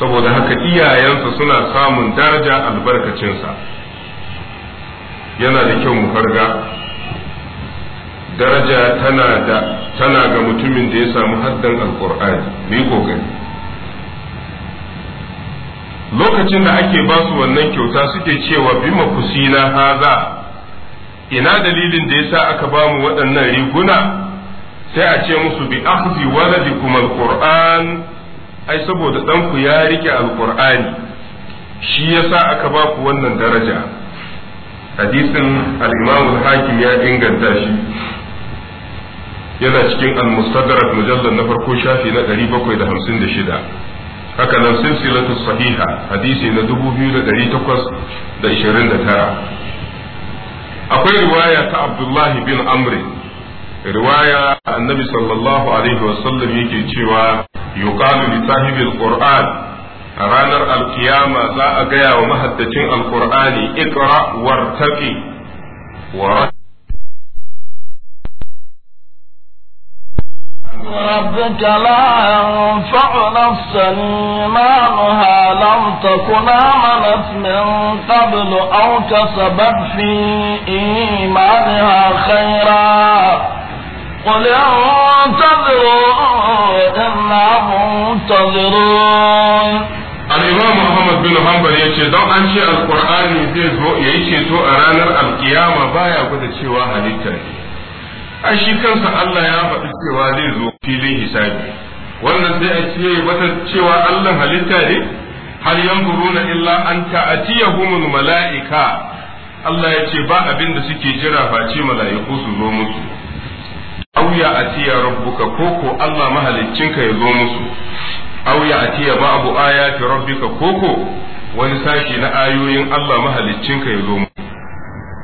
saboda haka iyayensa suna samun daraja albarkacinsa yana da kyau mu farga daraja tana da tana ga mutumin da ya samu haddan alkur'ani mu yi kokari lokacin da ake ba su wannan kyauta suke cewa bima kusina haza ina dalilin da yasa aka ba mu waɗannan riguna sai a ce musu bi akhdhi waladikum alqur'an ai saboda ɗanku ya rike alƙur'ani shi yasa aka ba ku wannan daraja hadisin al-imam hakim ya inganta shi yana cikin al-mustadrak mujallal na farko shafi na 756 haka nan silsilatu sahiha hadisi na 2829 akwai riwaya ta abdullahi bin amri riwaya annabi sallallahu alaihi wasallam yake cewa yuqalu li sahibil qur'an a ranar alkiyama za a gaya wa mahaddacin alkur'ani iqra wartaqi wa ربك لا ينفع نفسا إيمانها لم تكن آمنت من قبل أو كسبت في إيمانها خيرا قل انتظروا انا منتظرون الإمام محمد بن alƙur'ani zai zo أن شيء القرآن يزيزه يشي تو أرانا القيامة بايا قد شيء واحد ashi kansa Allah ya faɗi cewa zai zo filin hisabi wannan zai a ce wata cewa Allah halitta ne har yanzu na illa an ta'ati yahumul mala'ika Allah ya ce ba abinda suke jira face mala'iku su zo musu auya atiya rabbuka koko Allah mahaliccinka ya zo musu auya atiya babu ayati rabbika koko wani sashi na ayoyin Allah mahaliccinka ya zo musu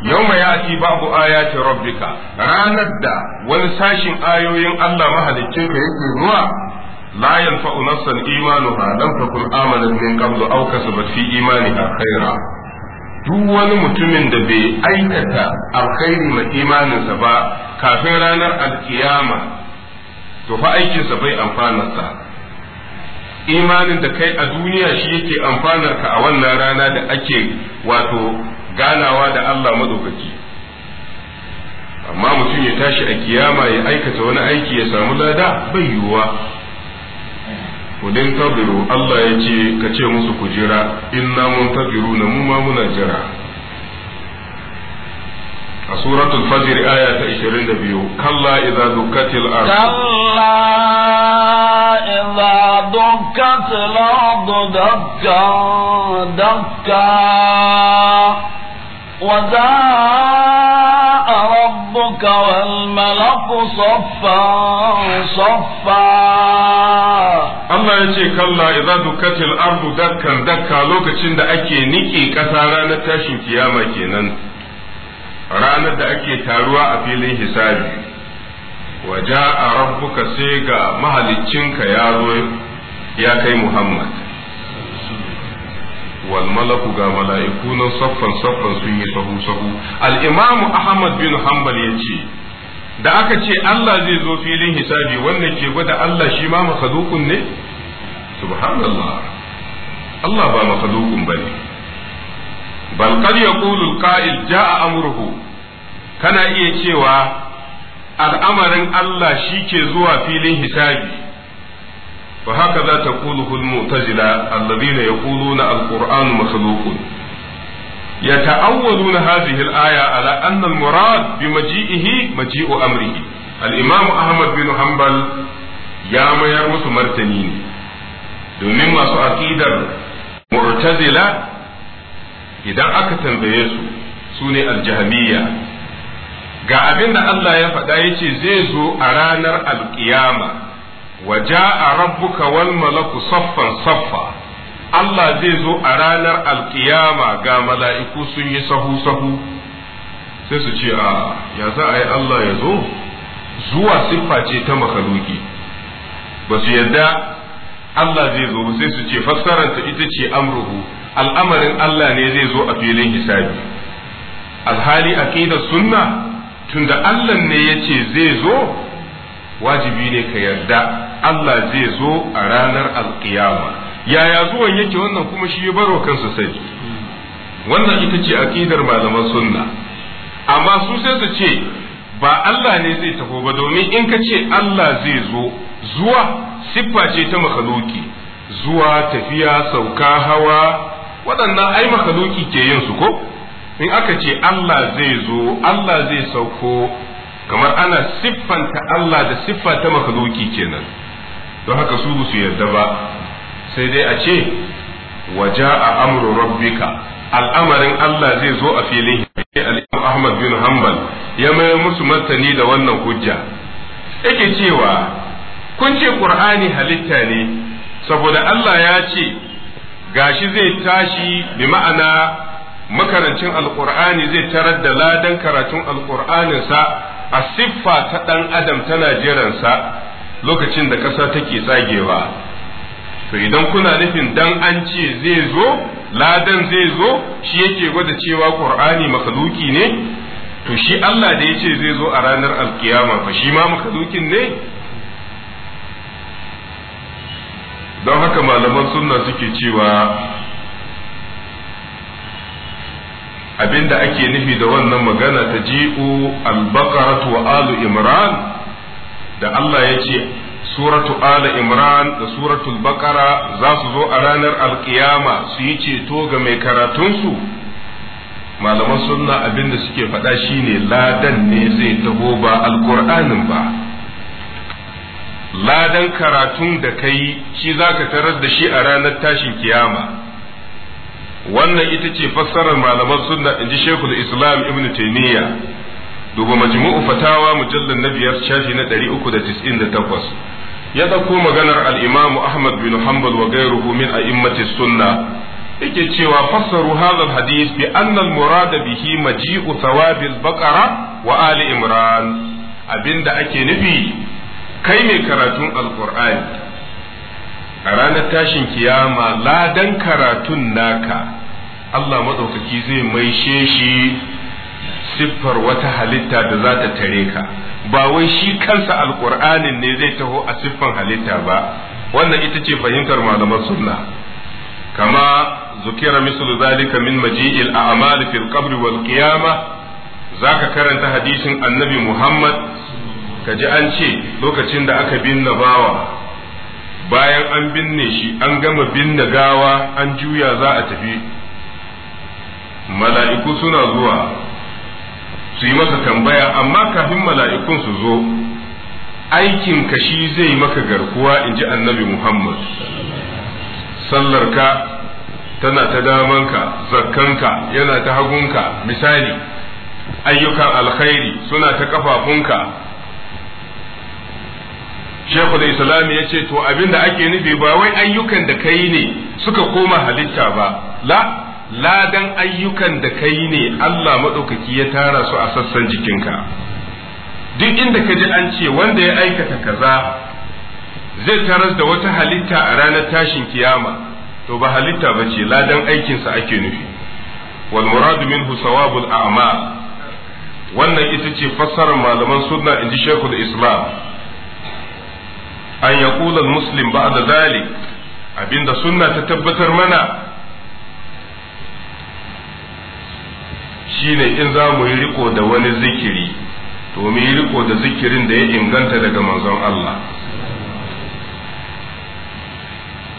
yawma yati babu ayati rabbika ranar da wani sashin ayoyin Allah mahaliccinka yake zuwa la yanfa'u nafsan imanuha lam takun amanat min qablu aw kasabat fi imaniha khaira duk wani mutumin da bai aikata alkhairi ma imaninsa ba kafin ranar alkiyama to fa aikinsa bai amfanarsa imanin da kai a duniya shi yake amfanarka a wannan rana da ake wato ganawa da Allah madaukaki amma mutum ya tashi a kiyama ya aikata wani aiki ya samu lada bai yiwuwa kudin tabiru Allah ya ce ka ce musu ku jira inna mun tabiru na mu ma muna jira a suratul fajr aya ta 22 kalla idza dukkatil ard kalla idza dukkatil ard dakka dakka wa ربك والملك صفا صفا Allah ya ce kalla idza dukkatil ardu dakkan dakka lokacin da ake niki kasa ranar tashin kiyama kenan ranar da ake taruwa a filin hisabi Waje a rabbuka sai ga mahaliccinka ya zo ya kai Muhammad wal malaku ga mala'iku nan saffan saffan sun yi sahu sahu al imamu ahmad bin hanbal yace da aka ce Allah zai zo filin hisabi wannan ke gwada Allah shi ma makhluqun ne subhanallah Allah ba makhluqun bane bal qad yaqulu al qa'il ja'a amruhu kana iya cewa al'amarin Allah shi ke zuwa filin hisabi وهكذا تقوله المعتزلة الذين يقولون القرآن مخلوق يتأولون هذه الآية على أن المراد بمجيئه مجيء أمره الإمام أحمد بن حنبل يا ما يرمس مرتنين domin masu aƙidar mu'tazila idan aka tambaye su su ne aljahamiya ga abin da Allah ya faɗa ya ce zai zo a ranar alƙiyama wa a rabbuka wal malaku saffan saffa Allah zai zo a ranar alkiyama ga mala'iku sun yi sahu sahu sai su ce a ya za a yi Allah ya zo zuwa siffa ta makaluki ba su yadda Allah zai zo sai su ce fassaranta ita ce amruhu al'amarin Allah ne zai zo a filin hisabi alhali aqidar sunna tunda Allah ne ya ce zai zo wajibi ne ka yarda Allah zai zo a ranar alkiyama yaya zuwan yake wannan kuma shi ya baro kansa sai wannan ita ce aqidar malaman sunna amma su sai su ce ba Allah ne zai tafo ba domin in ka ce Allah zai zo zuwa siffa ce ta makhluki zuwa tafiya sauka hawa waɗannan ai makhluki ke yin su ko in aka ce Allah zai zo Allah zai sauko kamar ana siffanta Allah da siffa ta makhluki kenan don haka su su yarda ba sai dai a ce waja'a amru rabbika al'amarin Allah zai zo a filin al-Imam Ahmad bin Hanbal ya mai musu martani da wannan hujja yake cewa kun ce Qur'ani halitta ne saboda Allah ya ce gashi zai tashi bi ma'ana makarancin alqur'ani zai tarar da ladan karatun sa a siffa ta ɗan adam tana jiransa lokacin da ƙasa take tsagewa to idan kuna nufin dan an ce zai zo ladan zai zo shi yake gwada cewa ƙur'ani makaluki ne to shi Allah da ya ce zai zo a ranar alkiyama fa shi ma makalukin ne don haka malaman sunna suke cewa abinda ake nufi da wannan magana ta ji'u al-baqaratu wa alu imran da Allah ya ce suratu ala imran da suratul baqara za su zo a ranar alkiyama su yi ceto ga mai karatunsu malaman sunna abinda suke faɗa shine ladan ne zai taho ba alkur'anin ba ladan karatun da kai shi za ka tarar da shi a ranar tashin kiyama wannan ita ce fassarar malaman sunna in ji shekul islam ibn taimiyya duba majmu'u fatawa mujallar na biyar shafi na takwas. ya ɗauko maganar al'imamu ahmad bin hanbal wa gairuhu min immati sunna yake cewa fassaru hadha hadis bi anna al-murad bihi maji'u thawabil baqara wa ali imran abinda ake nufi kai mai karatun alqur'ani a ranar tashin kiyama ladan karatun naka Allah maɗaukaki zai maishe shi siffar wata halitta da za ta tare ka ba wai shi kansa alƙur'anin ne zai taho a siffan halitta ba wannan ita ce fahimtar malaman sunna kama zukira mislu zalika min maji'il a'mal fil qabr wal qiyamah zaka karanta hadisin annabi Muhammad kaji an ce lokacin da aka binne bawa bayan an binne shi an gama binne gawa an juya za a tafi mala'iku suna zuwa su yi masa tambaya amma kafin mala'ikun su zo aikin ka shi zai maka garkuwa in ji annabi muhammad sallarka tana ta damanka zakkanka yana ta hagunka misali ayyukan alkhairi suna ta kafafunka da islam ya ce to abinda ake nufi ba wai ayyukan da kai ne suka koma halitta ba la ladan ayyukan da kai ne Allah maɗaukaki ya tara su a sassan jikinka duk inda ka ji an ce wanda ya aikata kaza zai taras da wata halitta a ranar tashin kiyama to ba halitta ba ce ladan aikinsa ake nufi wal muradu minhu sawabul a'mal wannan ita ce fassarar malaman sunna inji da islam an yaqula muslim da zalik abinda sunna ta tabbatar mana Shi ne in za mu yi riko da wani zikiri to mu yi riko da zikirin da ya inganta daga manzon Allah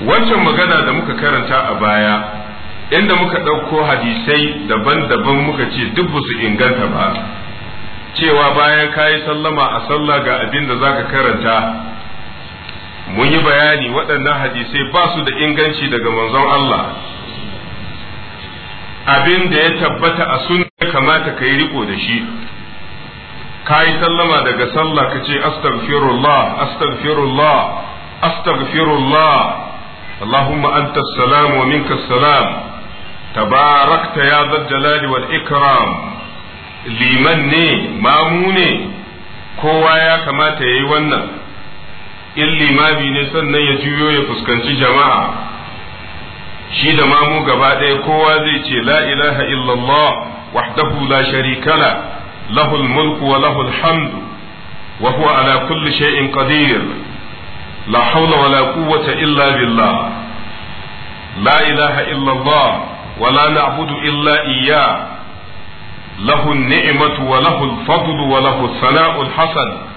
wancan magana da muka karanta a baya inda muka ɗauko hadisai daban-daban muka ce duk su inganta ba cewa bayan ka yi sallama a sallah ga abin da za ka karanta mun yi bayani waɗannan hadisai ba su da inganci daga manzon Allah abin da ya tabbata a sunna kamata ka yi riko da shi ka yi sallama daga sallah ka ce astaghfirullah astaghfirullah astaghfirullah اللهم أنت السلام ومنك السلام تباركت يا ذا الجلال Ikram. liman ne mamu ne kowa ya kamata ya yi wannan in limami ne sannan ya juyo ya fuskanci jama'a shi da mamu gaba ɗaya kowa zai ce la ilaha illallah wahdahu la sharika la lahul mulku wa lahul hamdu wa huwa ala kulli shay'in qadir la hawla wa la quwwata illa billah la ilaha illallah wa la na'budu illa iyyah lahu lahu an-ni'matu wa al-fadlu wa lahu الفضل وله al-hasan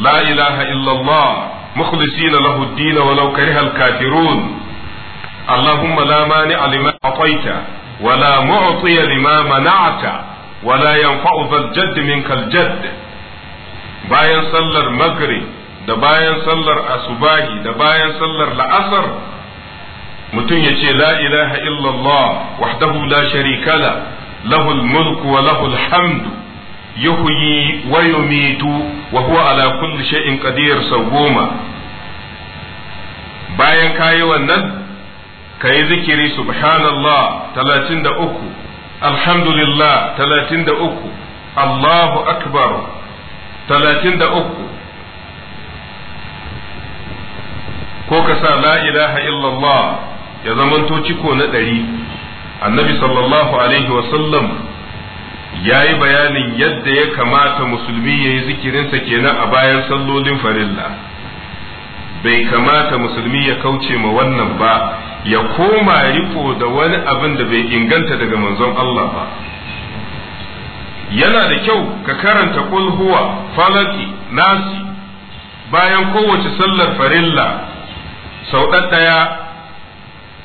la ilaha illallah mukhlisina lahu ad-din walau kariha al-kafirun اللهم لا مانع لما أعطيت ولا معطي لما منعت ولا ينفع ذا الجد منك الجد bayan sallar magri da bayan sallar asubahi da bayan sallar la'asar mutum ya ce la ilaha illallah wahdahu la sharika la lahul mulku wa lahul hamdu yuhyi wa yumitu wa huwa ala kulli shay'in qadir sau goma bayan kayi wannan kayi zikiri subhanallah 33 alhamdulillah 33 Allahu akbar 33 ko ka sa la ilaha illallah ya zamanto ciko na ɗari annabi sallallahu alaihi wasallam ya yi bayanin yadda ya kamata musulmi ya yi zikirinsa kenan a bayan sallolin farilla bai kamata musulmi ya kauce ma wannan ba ya koma riko da wani abin da bai inganta daga manzon Allah ba yana da kyau ka karanta kul huwa falati nasi bayan kowace sallar farilla sau ɗaya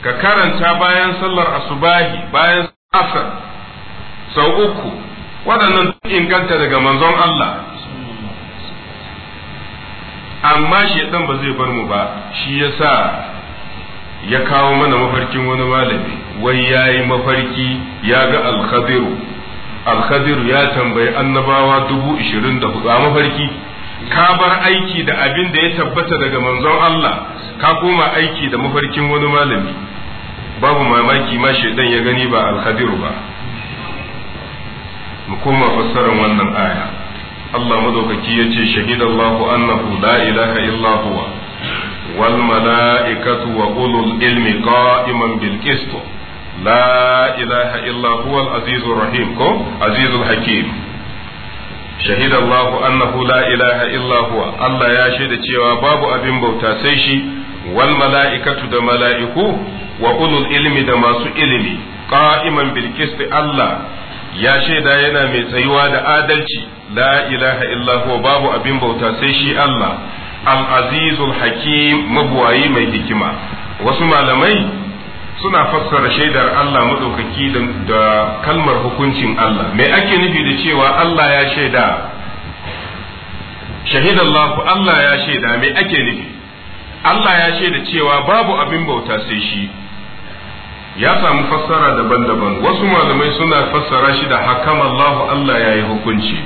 ka karanta bayan sallar asubahi bayan asar sau uku waɗannan duk inganta daga manzon Allah amma shi ɗan ba zai bar mu ba shi ya sa ya kawo mana mafarkin wani malami wai ya yi mafarki ya ga alkhadiru alkhadiru ya tambayi annabawa dubu ishirin da hudu a mafarki ka bar aiki da abin da ya tabbata daga manzon Allah ka koma aiki da mafarkin wani malami babu mamaki ma shi ya gani ba alkhadiru ba mu koma fassarar wannan aya Allah madaukaki ya ce shahidallahu annahu la ilaha illa huwa wal mala'ikatu wa ulul ilmi qa'iman bil qist la ilaha illa huwa al azizur rahim ko azizul hakim shahida Allah annahu la ilaha illa huwa Allah ya shaida cewa babu abin bauta sai shi wal mala'ikatu da mala'iku wa ulul ilmi da masu ilimi qa'iman bil qist Allah ya shaida yana mai tsayuwa da adalci la ilaha illa babu abin bauta sai shi Allah al-azizul hakim mabuwayi mai hikima wasu malamai suna fassara shaidar Allah madaukaki da kalmar hukuncin Allah me ake nufi da cewa Allah ya shaida shahidallahu Allah ya shaida me ake nufi Allah ya shaida cewa babu abin bauta sai shi ya samu fassara daban-daban wasu malamai suna fassara shi da hakama Allah Allah ya yi hukunci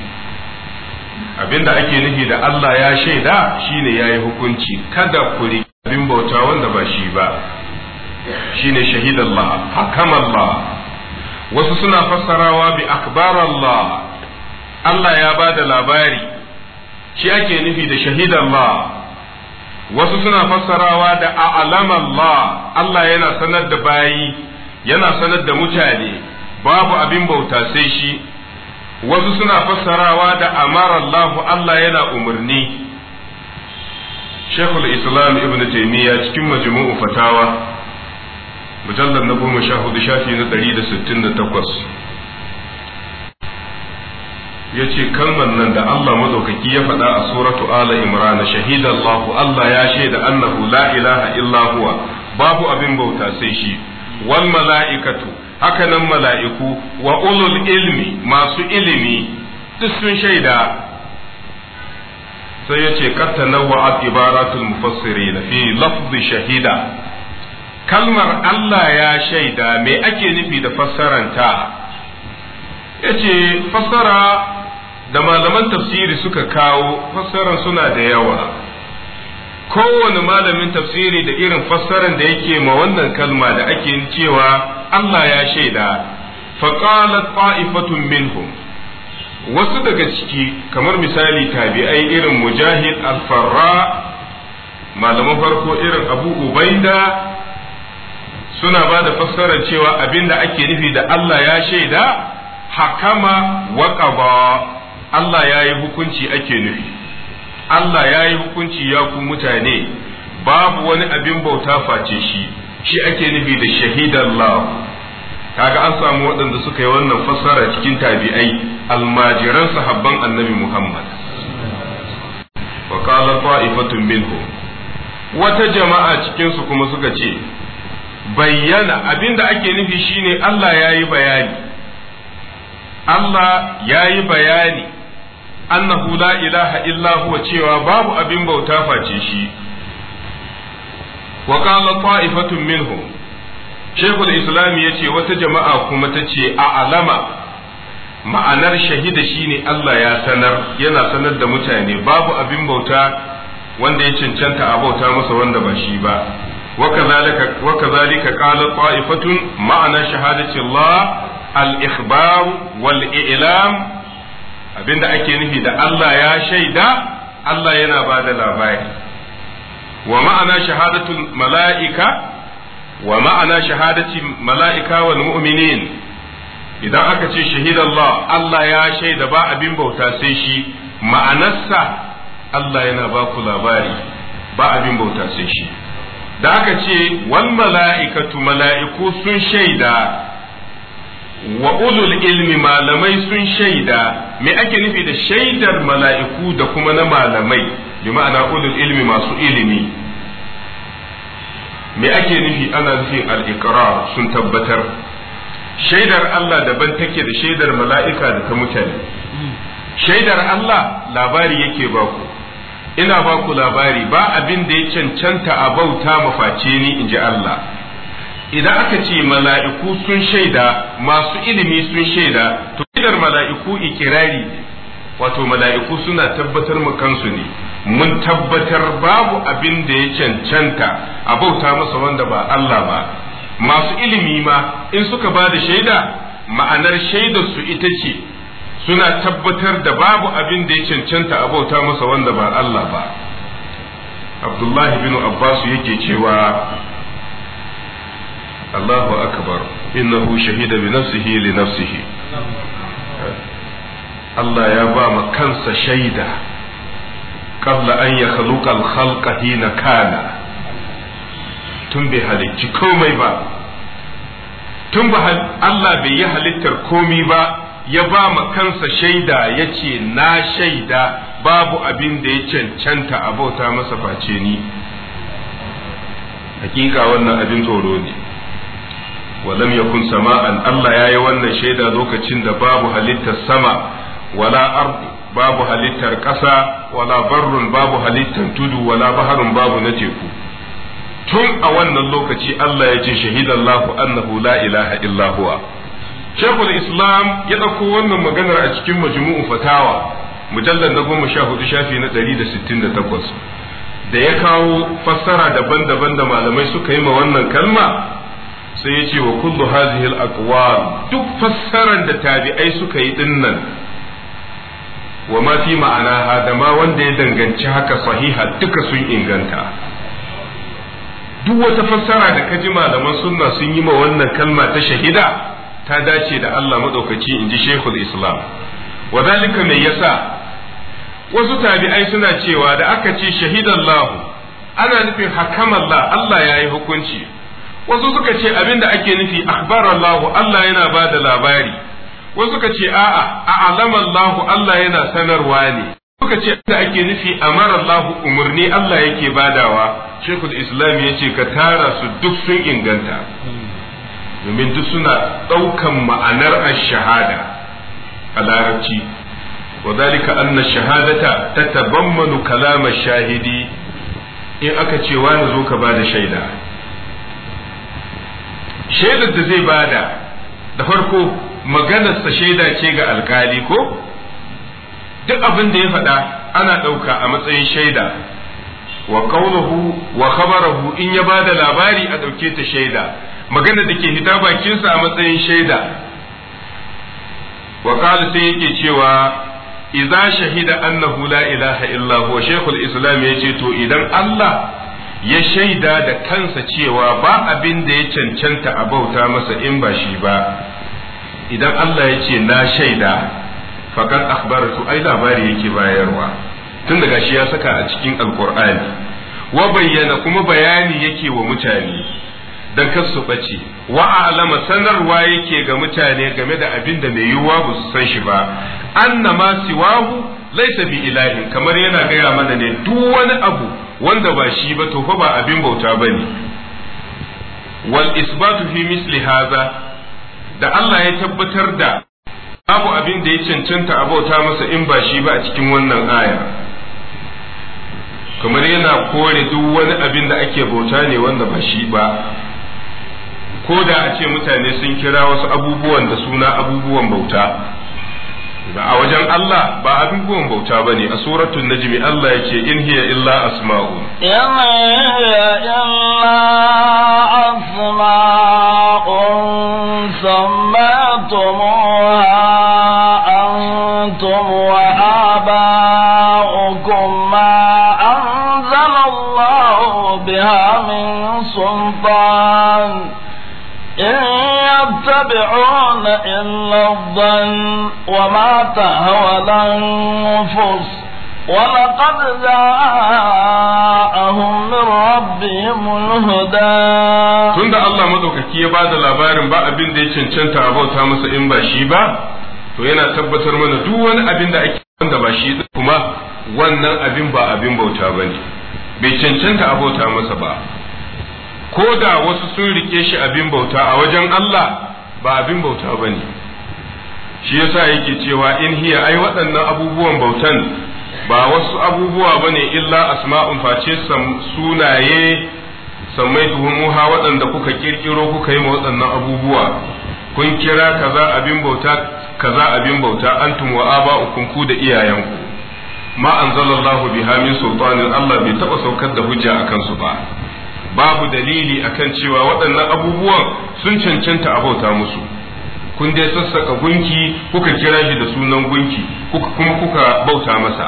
abinda ake nufi da Allah ya shaida shine ya yi hukunci kada ku abin bauta wanda ba shi ba shine shahid Allah hakama Allah wasu suna fassarawa bi akbar Allah Allah ya ba da labari shi ake nufi da shahid Allah wasu suna fassarawa da a'lama Allah Allah yana sanar da bayi yana sanar da mutane babu abin bauta sai shi wasu suna fassarawa da amara Allah yana umarni Sheikhul Islam Ibn Taymiyyah cikin majmu'u fatawa mujallar na goma sha hudu shafi na ɗari ya ce kalmar nan da Allah madaukaki ya faɗa a suratu ala imran shahida Allah Allah ya shaida annahu la ilaha illa huwa babu abin bauta sai shi wal mala'ikatu hakanan mala'iku wa ulul ilmi masu ilimi duk sun shaida sai ya ce wa tanawwa'at ibaratul mufassirin fi lafzi shahida kalmar Allah ya shaida me ake nufi da fassaranta yace fassara da malaman tafsiri suka kawo fassarar suna da yawa kowane malamin tafsiri da irin fassarar da yake ma wannan kalma da ake cewa Allah ya shaida faqalat ta'ifatun minhum wasu daga ciki kamar misali tabi'ai irin mujahid al-farra malaman farko irin abu ubaida suna ba da fassarar cewa abinda ake nufi da Allah ya shaida hakama wa qada Allah ya yi hukunci ake nufi Allah ya yi hukunci ya ku mutane babu wani abin bauta face shi shi ake nufi da shahidallah kaga an samu waɗanda suka yi wannan fassara cikin tabi'ai almajiran sahabban annabi Muhammad wa qala ta'ifatun wata jama'a cikinsu kuma suka ce bayyana abin da ake nufi shine Allah ya yi bayani Allah ya yi bayani annahu la ilaha illa huwa cewa babu abin bauta face shi wa qala ta'ifatun minhum shaykhul islam yace wata jama'a kuma tace a alama ma'anar shahida shine Allah ya sanar yana sanar da mutane babu abin bauta wanda ya cancanta a bauta masa wanda ba shi ba وكذلك وكذلك قال ma'anar معنى al الله wal ilam abinda ake nufi da Allah ya shaida Allah yana ba da labari wa ma'ana shahadatul mala'ika wa ma'ana shahadati mala'ika wal mu'minin idan aka ce shahid Allah Allah ya shaida ba abin bauta sai shi ma'anarsa Allah yana ba ku labari ba abin bauta sai shi da aka ce wal mala'ikatu mala'iku sun shaida wa ulul ilmi malamai sun shaida me ake nufi da shaidar mala'iku da kuma na malamai bi ma'ana ulul ilmi masu ilimi me ake nufi ana nufin al-iqrar sun tabbatar shaidar Allah daban take da shaidar mala'ika da ta mutane shaidar Allah labari yake baku ina baku labari ba abin da ya cancanta a bauta maface ni in ji Allah idan aka ce mala'iku sun shaida masu ilimi sun shaida to idar mala'iku ikirari wato mala'iku suna tabbatar mu kansu ne mun tabbatar babu abin da ya cancanta a bauta masa wanda ba Allah ba masu ilimi ma in suka ba da shaida ma'anar shaidar su ita ce suna tabbatar da babu abin da ya cancanta a bauta masa wanda ba Allah ba Abdullahi bin Abbas yake cewa Allahu akbar innahu shahida bi nafsihi li nafsihi Allah ya ba kansa shaida qabla an yakhluqa al-khalqa hina kana tun bai halicci komai ba tun Allah bai yi halittar komai ba ya ba ma kansa shaida ya ce na shaida babu abin da ya cancanta abota masa face ni hakika wannan abin tsoro ne ولم Allah ya yi wannan shaida lokacin da دا باب sama السماء ولا أرض باب هلت القصى ولا بر باب هلت تدو ولا بحر باب نتيكو tun a wannan lokaci Allah ya ce shahidallahu annahu la ilaha illa Islam ya ɗauko wannan maganar a cikin majmu'u fatawa mujallar na goma sha hudu shafi na ɗari da sittin da takwas da ya kawo fassara daban-daban da malamai suka yi ma wannan kalma sai ya ce wa kullu hazihil aqwal duk fassarar da tabi'ai suka yi dinnan wa ma fi ma'anaha da ma wanda ya danganci haka sahiha duka sun inganta duk wata fassara da kaji malaman sunna sun yi ma wannan kalma ta shahida ta dace da Allah madaukaki inji Sheikhul Islam wa dalika me yasa wasu tabi'ai suna cewa da aka ce shahidallahu ana nufin hakamallah Allah ya yi hukunci wasu suka ce abinda ake nufi akhbar Allah Allah yana ba da labari wasu suka ce a'a a'lama Allah Allah yana sanarwa ne suka ce da ake nufi amara Allah umarni Allah yake badawa Sheikhul Islam ce ka tara su duk sun inganta domin duk suna daukan ma'anar ash-shahada a larabci وذلك أن الشهادة تتضمن كلام shahidi in aka cewa wani zo ka bada shaida shaidar da zai bada da farko maganarsa shaida ce ga alkali ko duk abin da ya faɗa ana ɗauka a matsayin shaida wa qawluhu wa khabarahu in ya bada labari a ɗauke ta shaida magana da ke hita bakinsa a matsayin shaida wa qala sai yake cewa idza shahida annahu la ilaha illa huwa shaykhul islam yace to idan Allah ya shaida da kansa cewa ba abin da ya cancanta a bauta masa in ba shi ba idan Allah ya ce na shaida fakat akhbaratu ai labari yake bayarwa tun daga shi ya saka a cikin alkur'ani wa bayyana kuma bayani yake wa mutane dan kar su bace wa alama sanarwa yake ga mutane game da abin da mai yiwuwa ba su san shi ba annama siwahu laisa bi ilahi kamar yana gaya mana ne duk wani abu wanda ba shi ba to fa ba abin bauta bane wal isbatu fi misli hadha da Allah ya tabbatar da babu abin da ya cancanta a bauta masa in ba shi ba a cikin wannan aya kamar yana kore duk wani abin da ake bauta ne wanda ba shi ba ko da a ce mutane sun kira wasu abubuwan da suna abubuwan bauta ba a wajen Allah ba abin goma bauta ba ne a suratun najmi Allah ya ce in hiya illa asma'u in hiya illa asma'un sammatumuha antum wa aba'ukum ma anzala Allah biha min sultan يتبعون إلا الظن وما تهوى الأنفس ولقد جاءهم من ربهم الهدى تند الله مدوكaki ya bada labarin ba abin da ya cancanta a bauta masa in ba shi ba to yana tabbatar mana duk wani abin da ake wanda ba shi kuma wannan abin ba abin bauta bane bai cancanta a bauta masa ba ko da wasu sun rike shi abin bauta a wajen Allah ba abin bauta ba ne shi yasa yake cewa in hiya ai waɗannan abubuwan bautan ba wasu abubuwa ba ne illa asma'un face sunaye sammai muha waɗanda kuka kirkiro kuka yi waɗannan abubuwa kun kira kaza abin bauta kaza abin bauta antum wa aba'ukum ku da iyayenku ma anzalallahu biha min sultanin Allah bai taɓa saukar da hujja akan su ba babu dalili akan cewa waɗannan abubuwan sun cancanta a bauta musu kun dai sassaka gunki kuka kira shi da sunan gunki kuma kuka bauta masa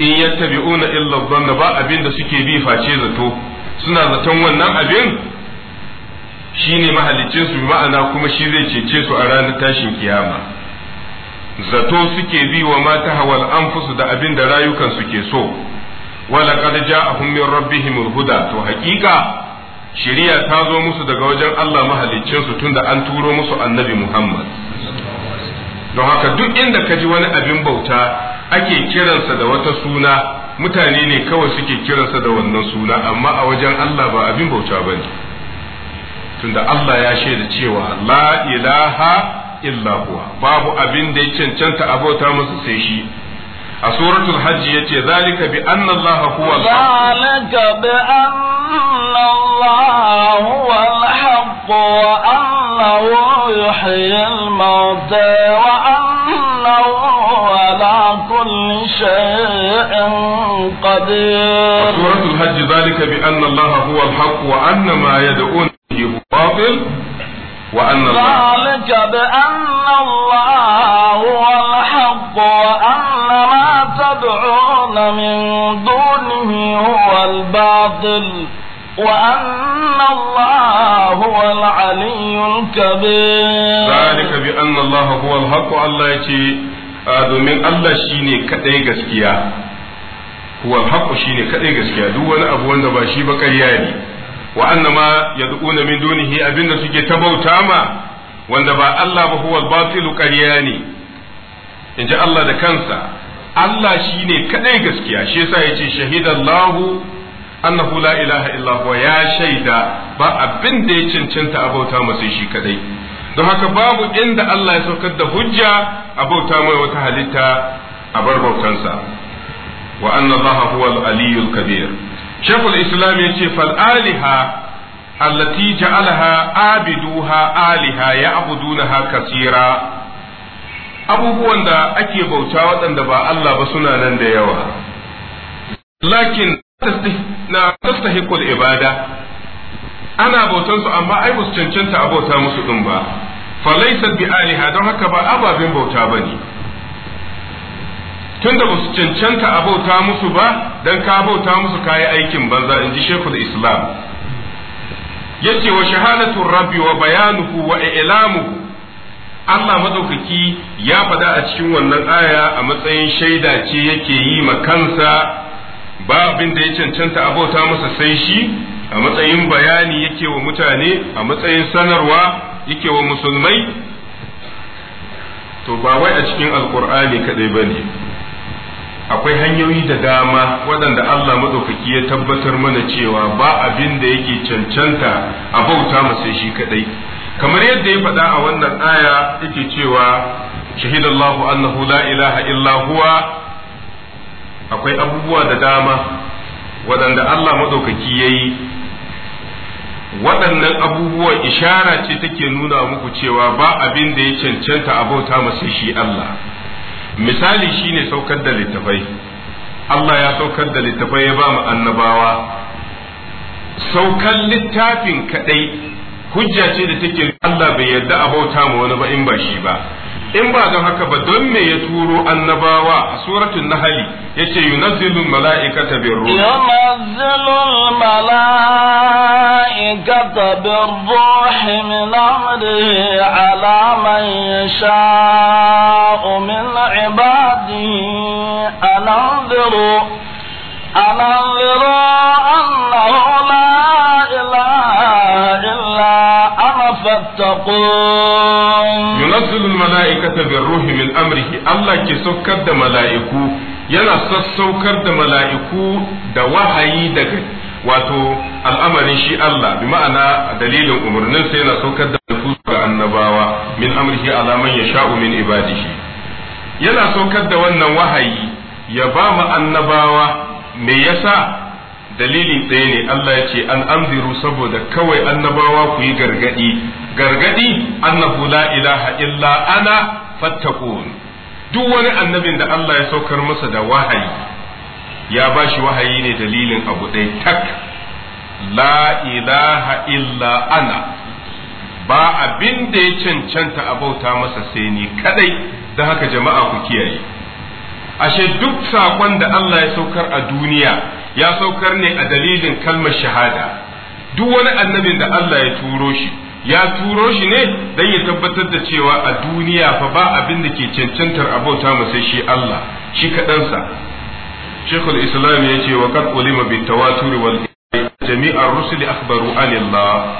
in yattabi'una illa dhanna ba abin da suke bi face zato suna zaton wannan abin shine mahallicin su ma'ana kuma shi zai cece su a ranar tashin kiyama zato suke bi wa mata hawal anfusu da abin da rayukan suke so wala qad ja'ahum min rabbihim huda to haƙiƙa shari'a ta zo musu daga wajen Allah mahaliccin su tunda an turo musu annabi Muhammad don haka duk inda ka ji wani abin bauta ake kiransa da wata suna mutane ne kawai suke kiransa da wannan suna amma a wajen Allah ba abin bauta bane tunda Allah ya shaida cewa la ilaha illa huwa babu abin da ya cancanta abota musu sai shi a suratul hajji yace zalika bi anna allaha huwa zalika bi anna allaha huwa al haqq wa annahu yuhyi al-mauta wa annahu ala kulli shay'in qadir suratul hajji zalika bi anna allaha huwa al-haq wa anna ma yad'un bihi batil وأن الله ذلك بأن الله هو الحق وأن ما تدعون من دونه هو الباطل وأن الله هو العلي الكبير ذلك بأن الله هو الحق الله يتي domin Allah shi ne kaɗai gaskiya, huwa haƙo shi ne kaɗai gaskiya duk wani abu wanda ba shi ba ƙarya ne. Wa'annama annama yad'una min abinda suke tabauta ma wanda ba Allah ba huwal batilu ƙarya ne inji Allah da kansa Allah shine kadai gaskiya shi yasa yace shahidallahu annahu la ilaha illa huwa ya shaida ba abin da ya cancanta abauta sai shi kadai don haka babu inda Allah ya saukar da hujja a abauta mai wata halitta a bar bautansa. anna Allah Aliyu al kabir shekul islam ya ce fal'aliha allati ja'alaha abiduha aliha ya abudunaha kasira abubuwan da ake bauta waɗanda ba Allah ba suna nan da yawa lakin na tastahiqul ibada ana bautan su amma ai ba su cancanta abota musu din ba falaysat bi aliha don haka ba ababen bauta bane Tun da basu cancanta a bauta musu ba don ka bauta musu kayi aikin banza in ji shekul islam Ya ce wa shahadatun rabbi wa bayanuhu wa i'lamuhu Allah madaukaki ya faɗa a cikin wannan aya a matsayin shaida ce yake yi ma kansa ba abin da ya cancanta bauta masa sai shi a matsayin bayani yake wa mutane a matsayin sanarwa yake wa musulmai to ba wai a cikin alkur'ani kadai ba ne akwai hanyoyi da dama waɗanda Allah maɗaukaki ya tabbatar mana cewa ba abin da yake cancanta a bauta masa shi kaɗai. kamar yadda ya faɗa a wannan aya yake cewa shahidallahu annahu la ilaha illa huwa akwai abubuwa da dama waɗanda Allah maɗaukaki ya yi waɗannan abubuwan ishara ce take nuna muku cewa ba abin da ya cancanta a bauta masa shi Allah misali shine saukar da littafai Allah ya saukar da littafai ya ba mu annabawa saukan littafin kadai hujja ce da take Allah bai yarda a bauta mu wani ba in ba shi ba in ba don haka ba don me ya turo annabawa a suratul nahli yace yunazzilul mala'ikata birruh yunazzilul mala'ikata birruh min amrihi ala man yasha'u min ibadihi ananziru ananziru annahu la fattaqun yunazzilu almalaikata birruhi min amrihi Allah ke saukar da mala'iku yana sassaukar da mala'iku da wahayi daga wato al'amarin shi Allah bi ma'ana dalilin umarninsa yana saukar da mala'iku ga annabawa min amrihi ala man yasha'u min yana saukar da wannan wahayi ya ba mu annabawa me yasa Dalilin ɗaya ne Allah ya ce an anziru saboda kawai annabawa ku yi gargadi gargadi annahu la ilaha illa ana fattakun duk wani annabin da Allah ya saukar masa da wahayi ya ba shi wahayi ne dalilin abu ɗaya tak la ilaha illa ana ba abin da ya cancanta a bauta masa sai ni kadai da haka jama'a ku kiyaye ashe duk saƙon da Allah ya saukar a duniya ya saukar ne a dalilin kalmar shahada duk wani annabin da Allah ya turo shi ya turo shi ne dan ya tabbatar da cewa a duniya fa ba abin da ke cancantar abauta sai shi Allah shi kaɗansa shekul islam ya ce wa kad ulima bi tawatur wal jami'ar rusuli akhbaru anillah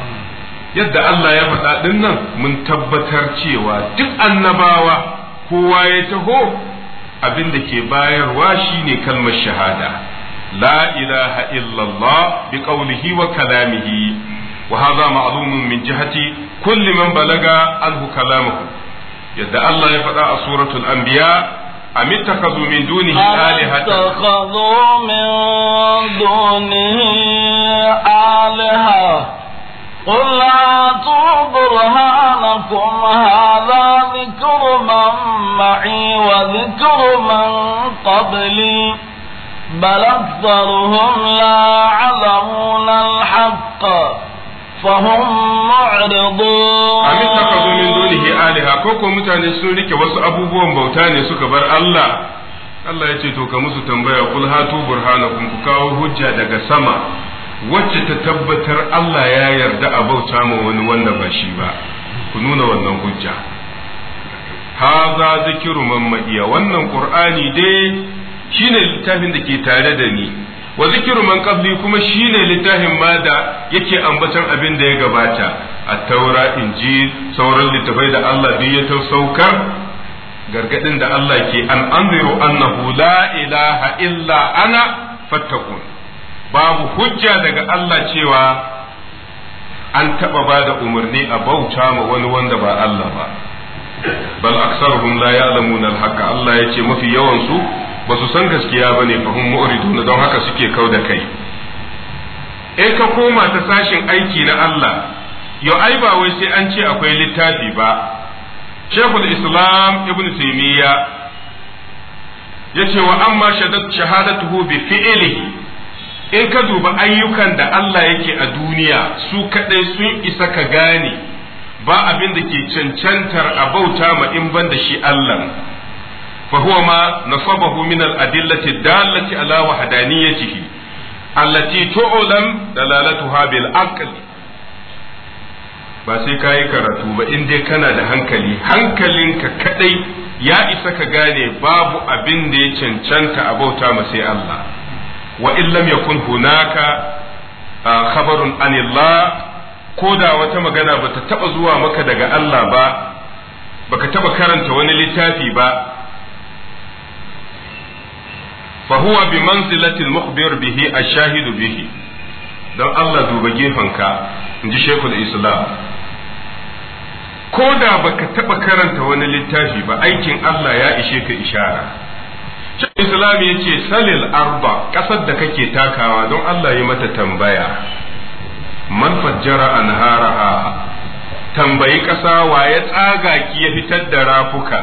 yadda Allah ya faɗa ɗin nan mun tabbatar cewa duk annabawa kowa ya taho abin da ke bayarwa shine kalmar shahada لا إله إلا الله بقوله وكلامه وهذا معلوم من جهة كل من بلغ عنه كلامه يدى الله يفدأ سورة الأنبياء أم اتخذوا من دونه آلهة اتخذوا من دونه آلهة قل هاتوا برهانكم هذا ذكر من معي وذكر من قبلي بل أكثرهم لا يعلمون الحق فهم معرضون أم اتخذوا من دونه آلهة كوكو متاني سوريك وسو أبوبهم بوتاني سكبر الله Allah ya ce to ka musu tambaya kul hatu burhanakum ku kawo hujja daga sama wacce ta tabbatar Allah ya yarda a bauta ma wani wanda ba shi ba ku nuna wannan hujja haza zikiru mamadiya wannan qur'ani dai shine littafin da ke tare da ni wa zikiru man qabli kuma shine littafin ma da yake ambaton abin da ya gabata A taura injil sauran littafai da Allah duk ya saukar gargadin da Allah ke an anziru annahu la ilaha illa ana fattakun babu hujja daga Allah cewa an taɓa ba da umarni a bauta ma wani wanda ba Allah ba bal aksaruhum la ya'lamuna al haqq Allah yace mafi yawan su ba su san gaskiya ba ne fahim mu'ridun don haka suke kau da kai e ka koma ta sashin aiki na Allah yau ai ba wai sai an ce akwai littafi ba shekul islam ibn taimiyya ya ce wa amma shahadatuhu bi fi'ili in ka duba ayyukan da Allah yake a duniya su kadai sun isa ka gane ba abin da ke cancantar a bauta ma in banda shi Allah fa huwa ma nasabahu min al-adillati dallati ala wahdaniyatihi allati tu'lam dalalatuha bil aql ba sai kayi karatu ba in dai kana da hankali hankalinka kadai ya isa ka gane babu abin da ya cancanta a bauta ma sai Allah wa in lam yakun hunaka khabarun anillah ko da wata magana bata taba zuwa maka daga Allah ba baka taba karanta wani littafi ba fa huwa bi manzilatil mukhbir bihi a shahidu bihi dan Allah duba in ji Sheikhul Islam ko da baka taɓa karanta wani littafi ba aikin Allah ya ishe ka ishara Sheikhul Islam ce salil arba ƙasar da kake takawa don Allah yi mata tambaya man fajjara anharaha tambayi ƙasa wa ya tsaga ki ya fitar da rafuka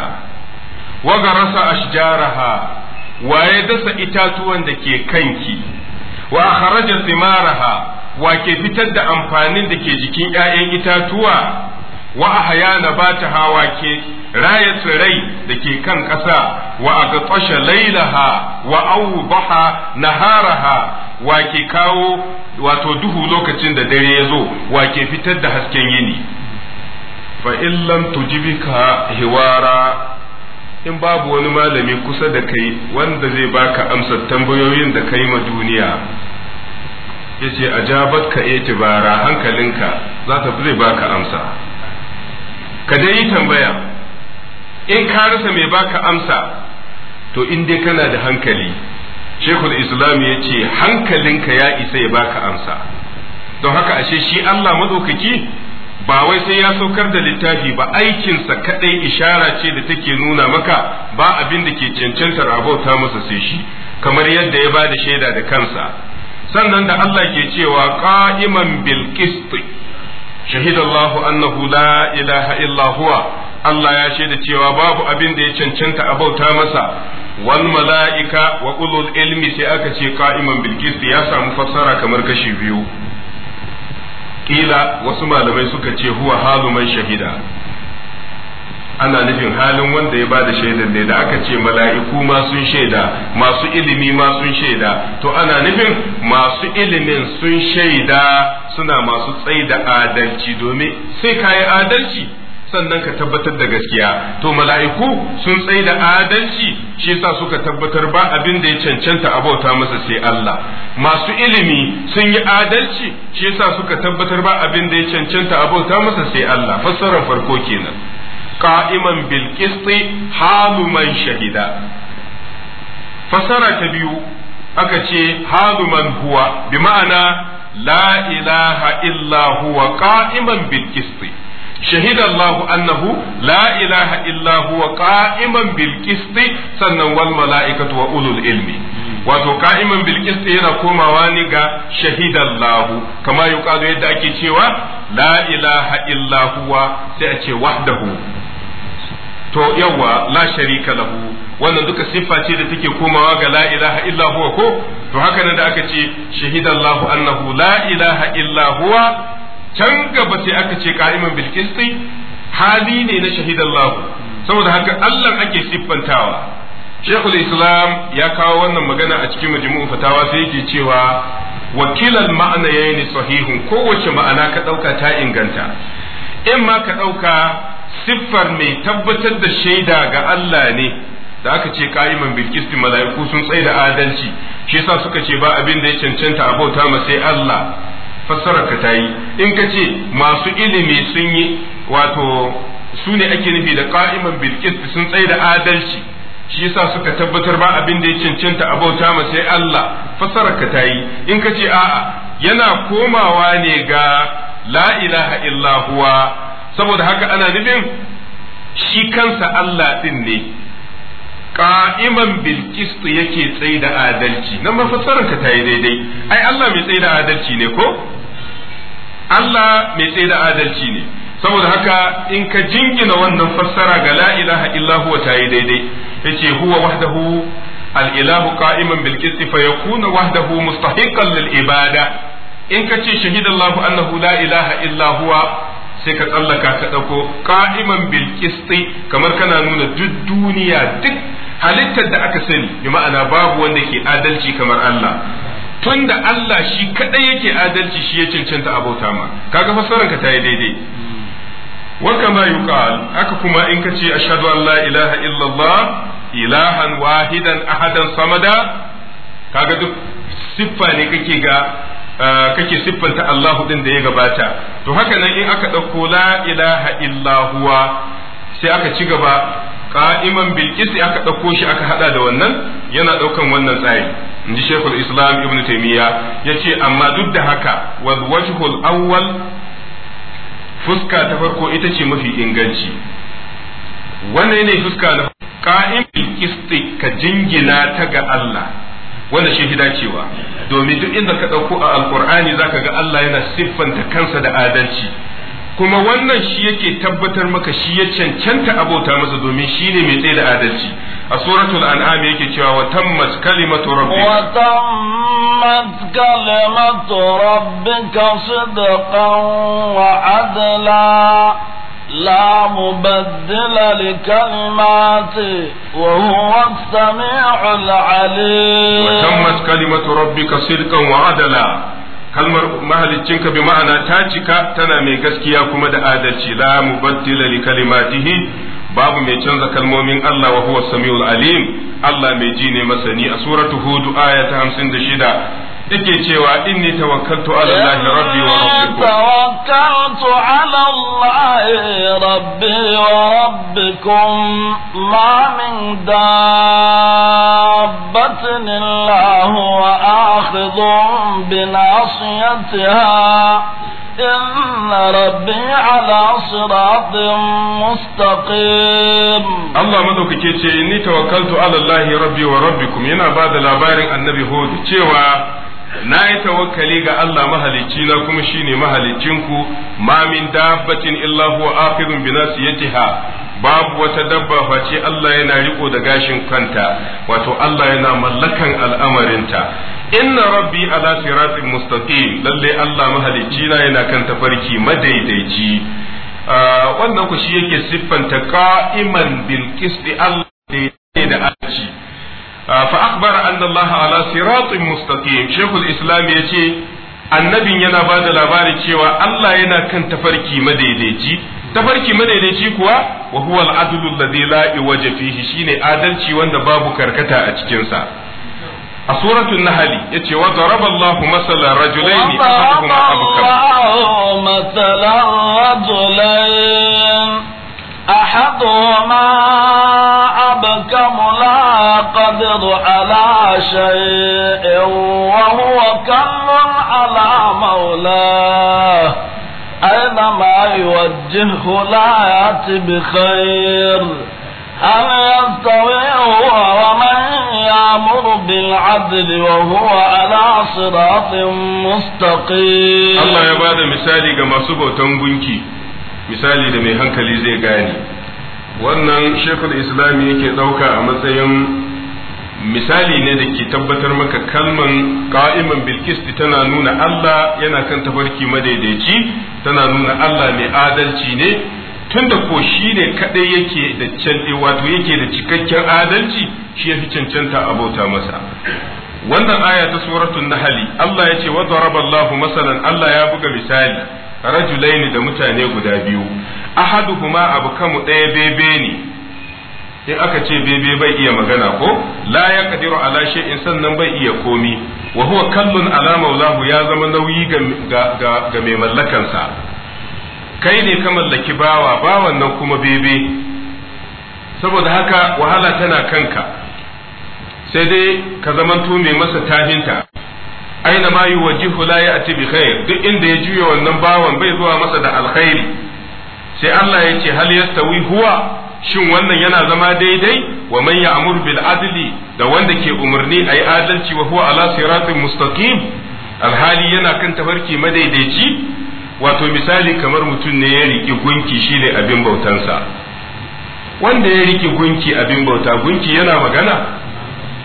wa garasa ashjaraha waye dasa itatuwan da ke kanki wa kharaja simaraha wa ke fitar da amfanin da ke jikin ‘ya'yan itatuwa wa ahaya nabataha wa ke raya tsirai da ke kan ƙasa wa tsasha lailaha wa awdaha naharaha wa ke kawo wato duhu lokacin da dare ya zo wa ke fitar da hasken yini fa in lam tujibika hiwara in babu wani malami kusa da kai wanda zai baka amsar tambayoyin da kai ma duniya yace ajabat ka itibara hankalinka za ta zai baka amsa ka dai yi tambaya in ka rasa mai baka amsa to in dai kana da hankali shekul islam ya ce hankalinka ya isa ya baka amsa don haka ashe shi allah maɗaukaki ba wai sai ya saukar da littafi ba aikinsa kadai ishara ce da take nuna maka ba abin da ke cancanta rabauta masa sai shi kamar yadda ya ba da shaida da kansa sannan da Allah ke cewa qa'iman bil qist shahidallahu annahu la ilaha illa huwa Allah ya shaida cewa babu abin da ya cancanta a bauta masa wal mala'ika wa ulul ilmi sai aka ce qa'iman bil qist ya samu fassara kamar kashi biyu kila wasu malamai suka ce huwa halu shahida ana nufin halin wanda ya bada shaidar ne da aka ce mala'iku ma sun shaida masu ilimi ma sun shaida to ana nufin masu ilimin sun shaida suna masu tsaida adalci domin sai kayi adalci sannan ka tabbatar da gaskiya to mala'iku sun tsaye da adalci shi sa suka tabbatar ba abin da ya cancanta abauta masa sai Allah masu ilimi sun yi adalci shi sa suka tabbatar ba abin da ya cancanta a masa sai Allah fassarar farko kenan qa'iman bil qisti halu man shahida fassara ta biyu aka ce halu man huwa bi ma'ana la ilaha illa huwa qa'iman bil qisti شهد الله أنه لا إله إلا هو قائما بالقسط سنن والملائكة وأولو العلم wato ka'iman bilkis yana komawa ni ga shahidallahu kama yuqalu yadda ake cewa la ilaha illa huwa sai a ce wahdahu to yawa la sharika lahu wannan duka siffa ce da take komawa ga la ilaha illa huwa ko to haka nan da aka ce shahidallahu annahu la ilaha illa huwa can gaba sai aka ce ka'iman bil hali ne na shahidallahu saboda haka Allah ake siffantawa Sheikhul Islam ya kawo wannan magana a cikin majmu'u fatawa sai yake cewa wakilan ma'ana yayin sahihun kowace ma'ana ka dauka ta inganta in ma ka dauka siffar mai tabbatar da shaida ga Allah ne da aka ce ka'iman bil qisti mala'iku sun tsaye da adalci shi yasa suka ce ba abin da ya cancanta abota ma sai Allah fassarar ka ta yi in ka ce masu ilimi sun yi wato su ne ake nufi da qa'iman bil sun tsaye da adalci shi yasa suka tabbatar ba abin da ya cancanta abauta ma sai Allah fassarar ka ta yi in ka ce a'a yana komawa ne ga la ilaha illa huwa saboda haka ana nufin shi kansa Allah din ne Ka'iman bil qist yake tsaye da adalci nan mafassarar ka tayi daidai ai Allah mai tsaye adalci ne ko Allah mai tsaye adalci ne saboda haka in ka jingina wannan fassara ga la ilaha illa huwa tayi daidai yace huwa wahdahu al ilahu qa'iman bil qist fa yakuna wahdahu mustahiqan lil ibada in ka ce shahidallahu annahu la ilaha sai ka tsallaka ka ɗauko ka'iman bil kamar kana nuna duk duniya duk halittar da aka sani bi ma'ana babu wanda ke adalci kamar Allah tunda Allah shi kadai yake adalci shi ya cancanta abota ma kaga fassaranka ta yi daidai wa kama yuqal Aka kuma in kace ashhadu an la ilaha ilahan wahidan ahadan samada kaga duk siffa ne kake ga ah, kake siffanta Allahu din da ya gabata to haka nan in aka dauko la ilaha illa huwa sai aka ci gaba Ka'iman bil aka ɗauko shi aka hada da wannan yana ɗaukan wannan tsari inji shekul islam ibnu ya ce amma duk da haka wa wajhul awwal fuska ta farko ita ce mafi inganci wannan ne fuska na qa'im bil ka jingina ta ga Allah wanda shi dacewa domin duk inda ka ɗauko a alqur'ani zaka ga Allah yana siffanta kansa da adalci kuma wannan shi yake tabbatar maka shi ya cancanta abota masa domin shi ne mai tsaye da adalci a suratul an'am yake cewa wa tammat kalimatu rabbika wa tammat kalimatu rabbika sidqan wa adla لا مبدل لكلماته وهو السميع العليم وتمت كلمة ربك صدقا kalmar mahaliccinka bi ma'ana ta cika tana mai gaskiya kuma da adalci la mubaddila li kalimatihi babu mai canza kalmomin Allah wa huwa samiul alim Allah mai ji ne masani a suratu hud aya ta 56 yake cewa inni tawakkaltu ala Allah rabbi wa rabbikum tawakkaltu ala Allah rabbi wa rabbikum ma min da ربتني الله وآخذ بناصيتها إن ربي على صراط مستقيم الله مدوك كيتي إني توكلت على الله ربي وربكم ينا بعد لابارن النبي هود تشيوا na yi tawakkali ga Allah mahalicci na kuma shine mahalicinku ma min dabbatin illa huwa akhirun bi nasiyatiha babu wata dabba face Allah yana riko da gashin kanta wato Allah yana mallakan al'amarinta inna rabbi ala siratin mustaqim lalle Allah mahalicci na yana kan tafarki madaidaici ah, wannan ku shi yake siffanta qa'iman bil qisti Allah da aci fa akhbara anna Allah ala siratin mustaqim shekul islam ya ce annabin yana ba da labari cewa Allah yana kan tafarki madaidaici tafarki madaidaici kuwa wa huwa al-adlu alladhi la iwaja fihi shine adalci wanda babu karkata a cikin sa a suratul nahl yace wa daraba Allahu masalan rajulaini ahaduhuma abkam masalan rajulain ahaduhuma كم لا قدر على شيء وهو كل على مولاه أينما يوجهه لا يأتي بخير أم يستوي هو ومن يأمر بالعدل وهو على صراط مستقيم الله يبارك مثالي كما سبو تنبنكي مثالي لمن هنكلي زي غاني wannan shekul islami yake ɗauka a matsayin misali ne da ke tabbatar maka kalman ka'iman bilkisti tana nuna Allah yana kan tafarki madaidaici tana nuna Allah mai adalci ne tunda ko shi ne kaɗai yake da can eh, wato yake da cikakken adalci shi ya fi cancanta bauta masa wannan aya ta suratun nahali Allah ya ce wa rabar Allahu masalan Allah ya buga misali rajulaini da mutane guda biyu ahaduhuma abu kamu ɗaya bebe ne in aka ce bebe bai iya magana ko la ya kadiru ala shay'in sannan bai iya komi wa huwa kallun ala maulahu ya zama nauyi ga mai mallakansa kai ne ka mallaki bawa bawan nan kuma bebe saboda haka wahala tana kanka sai dai ka zamanto mai masa tahinta aina ma yuwajjihu la ya'ti bi khair duk inda ya juya wannan bawan bai zuwa masa da alkhairi sai Allah ya ce hal yastawi huwa shin wannan yana zama daidai wa man ya'mur bil adli da wanda ke umarni ayi adalci wa huwa ala siratin mustaqim alhali yana kan tafarki madaidaici wato misali kamar mutum ne ya riki gunki shine abin bautansa wanda ya riki gunki abin bauta gunki yana magana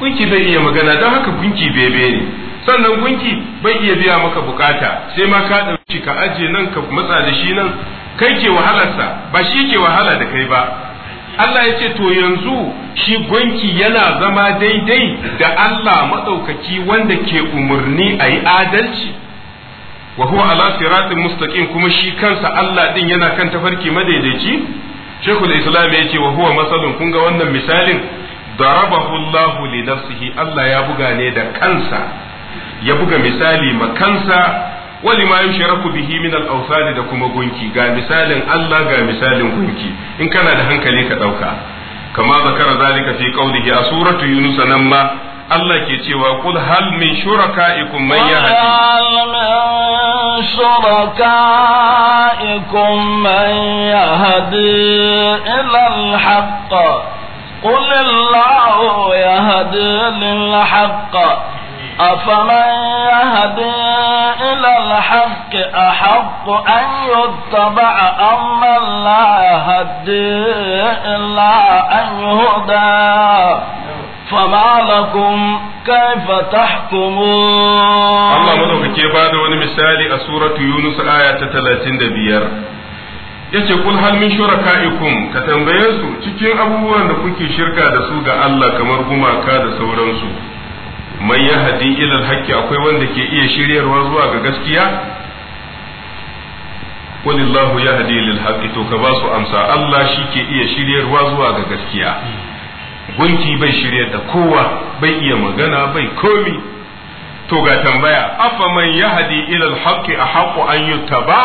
gunki bai iya magana don haka gunki bebe ne sannan gunki bai iya biya maka bukata sai ma ka ɗauki ka ajiye nan ka matsa da shi nan kai ke wahalarsa ba shi ke wahala da kai ba Allah ya ce to yanzu shi gunki yana zama daidai da Allah maɗaukaki wanda ke umarni a yi adalci wa huwa ala siratin mustaqim kuma shi kansa Allah din yana kan tafarki madaidaici Sheikhul Islam ya ce wa huwa masalun kun ga wannan misalin darabahu Allah li nafsihi Allah ya buga ne da kansa ya buga misali makansa wali ma yushraku bihi min al da kuma gunki ga misalin Allah ga misalin gunki in kana da hankali ka dauka kama zakara zalika fi qawlihi a suratu yunus nan ma Allah ke cewa qul hal min shuraka'ikum man yahdi man yahdi ila al-haqq قل الله يهدي للحق أفمن يهدي إلى الحق أحق أن يتبع أم من لا يهدي إلا أن يهدى فما لكم كيف تحكمون الله ملوك كيباد ونمثال سورة يونس آية 35 yace kul hal min shuraka'ikum ka tambaye su cikin abubuwan da kuke shirka da su ga Allah kamar gumaka da sauransu mai ya hadi ilal haƙƙi akwai wanda ke iya shiryarwa zuwa ga gaskiya walillahu ya hadi lil haqqi to ka ba su amsa Allah shi ke iya shiryarwa zuwa ga gaskiya gunki bai shiryar da kowa bai iya magana bai komi to ga tambaya afa man yahdi ila a ahqqu an ba,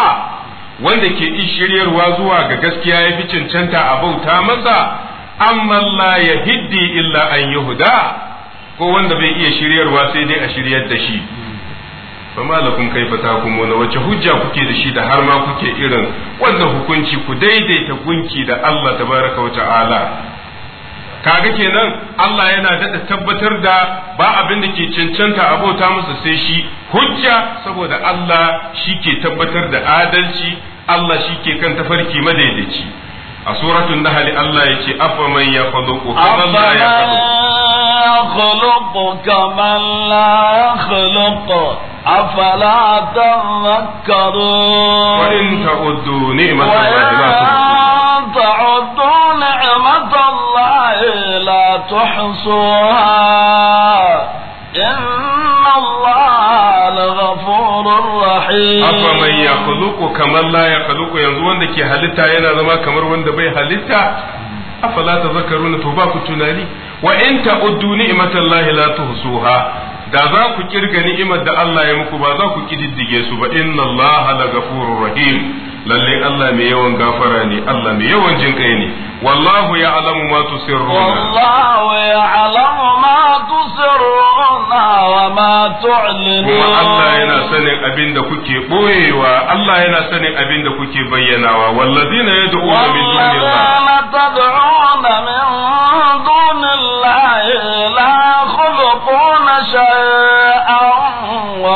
wanda ke iya shiryarwa zuwa ga gaskiya ya fi cancanta a bauta masa amma la hiddi illa an yi huda. ko wanda bai iya shiryarwa sai dai a shiryar da shi fa ta kuma wani wace hujja kuke da shi da har ma kuke irin wanda hukunci ku daidaita gunki da Allah tabaraka wa ta'ala kaga kenan Allah yana daɗa tabbatar da ba abin da ke cancanta abota masa sai shi hujja saboda Allah shi ke tabbatar da adalci Allah shi ke kan tafarki madaidaici a suratun nahali Allah ya ce afa man ya khuluqu kaman la ya khuluqu kaman la ya khuluqu afala tadhakkarun wa in ta'uddu ni'matallahi la ta'uddu ni'matallahi la tuhsuha inna Allah al-ghafur غفور رحيم أفمن يخلق كمن لا يخلق ينزون لك هلتا ينا زما كمر وند بي هلتا أفلا تذكرون تباك تنالي وإن تعدوا نعمة الله لا تحصوها da za ku kirga ni'imar da Allah ya muku ba za ku kididdige su ba inna Allah la ghafurur rahim lalle Allah mai yawan gafara ne Allah mai yawan jin kai ne wallahu ya'lamu ma tusirruna wallahu ya'lamu ma tusirruna wa ma tu'linuna kuma Allah yana sanin abinda kuke boyewa Allah yana sanin abinda kuke bayyanawa wallazina yad'una min dunillahi wallazina tad'una min dunillahi la khuluquna shay'a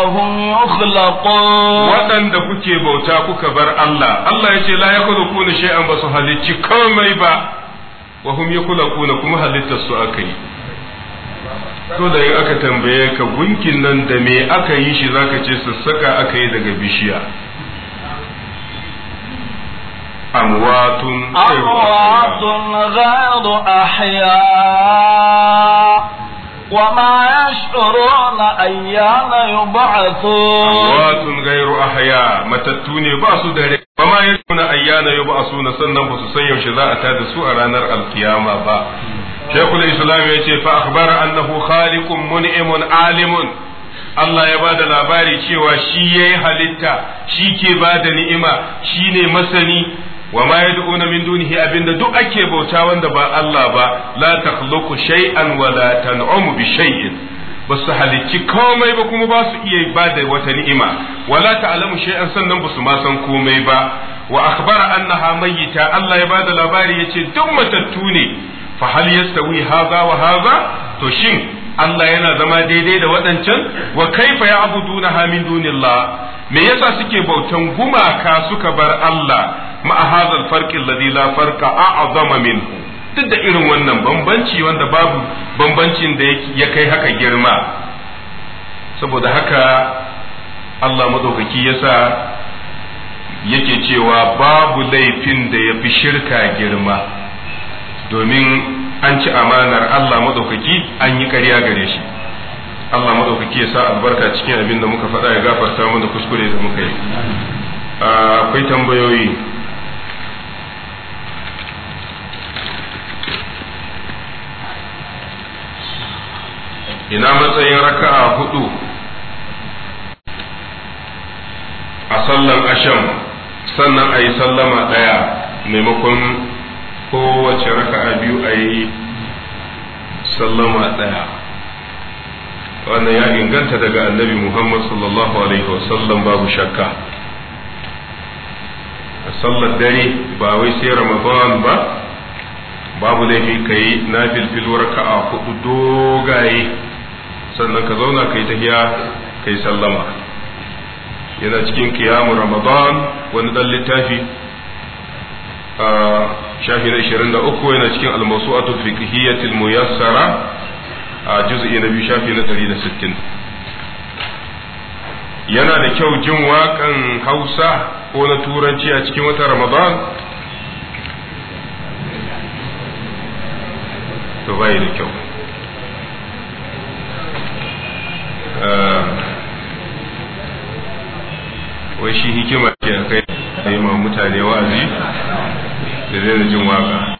وهم يخلقون وأن كوكي بوتا كوكا بر الله الله يجي لا يخلقون شيئا بس هلتي كومي با وهم يخلقون كما هلتا سؤالكي to da in aka tambaye ka gunkin nan da me aka yi shi zaka ce sassaka aka yi daga bishiya amwatun amwatun ghayru ahya وما يشعرون أيام يبعثون أموات غير أحياء متتوني باسو داري وما يشعرون أيام يبعثون سنن بسسيم شذاء تاد سوء رانر القيامة با شيخ الإسلام يتي فأخبر أنه خالق منعم عالم Allah ya ba da labari cewa shi ya yi halitta, shi ke ba da ni'ima, shi ne masani, wa ma yad'una min dunihi abinda duk ake bauta wanda ba Allah ba la takhluqu shay'an wa la tan'umu bi shay'in ba su halicci komai ba kuma ba su iya ba da wata ni'ima wala shai'an shay'an sannan ba su ma san komai ba wa akhbara annaha mayyita Allah ya bada labari yace duk matattu ne fa hal yastawi hadha wa hadha to shin Allah yana zama daidai da waɗancan wa kaifa ya'buduna min dunillah me yasa suke bautan gumaka suka bar Allah ma farkin al farka alladhi la a'zama min duk da irin wannan bambanci wanda babu bambancin da ya kai haka girma saboda haka Allah madaukaki yasa yake cewa babu laifin da ya fi shirka girma domin an ci amanar Allah madaukaki an yi ƙarya gare shi Allah madaukaki ya sa albarka cikin abin da muka faɗa ya gafarta mana kuskure da muka yi akwai tambayoyi ina matsayin raka'a hudu a sallan asham sannan a yi sallama ɗaya maimakon kowace raka'a biyu a yi sallama ɗaya wannan ya inganta daga annabi muhammad sallallahu alaihi wasallam babu shakka a sallar dare ba wai sai ramadan ba babu laifi ka yi na filfil raka'a hudu dogaye sannan ka zauna ka yi tahiya ka yi sallama yana cikin kiyamu ramadan wani dan littafi a shafi na 23 yana cikin almasu'atu fiqhiyyatil muyassara a juz'i na biyu shafi na 160 yana da kyau jin waƙan hausa ko na turanci a cikin watan ramadan to bai da kyau Eh, wai shi hikima ke kai a yi mutane wazi da zai jin waka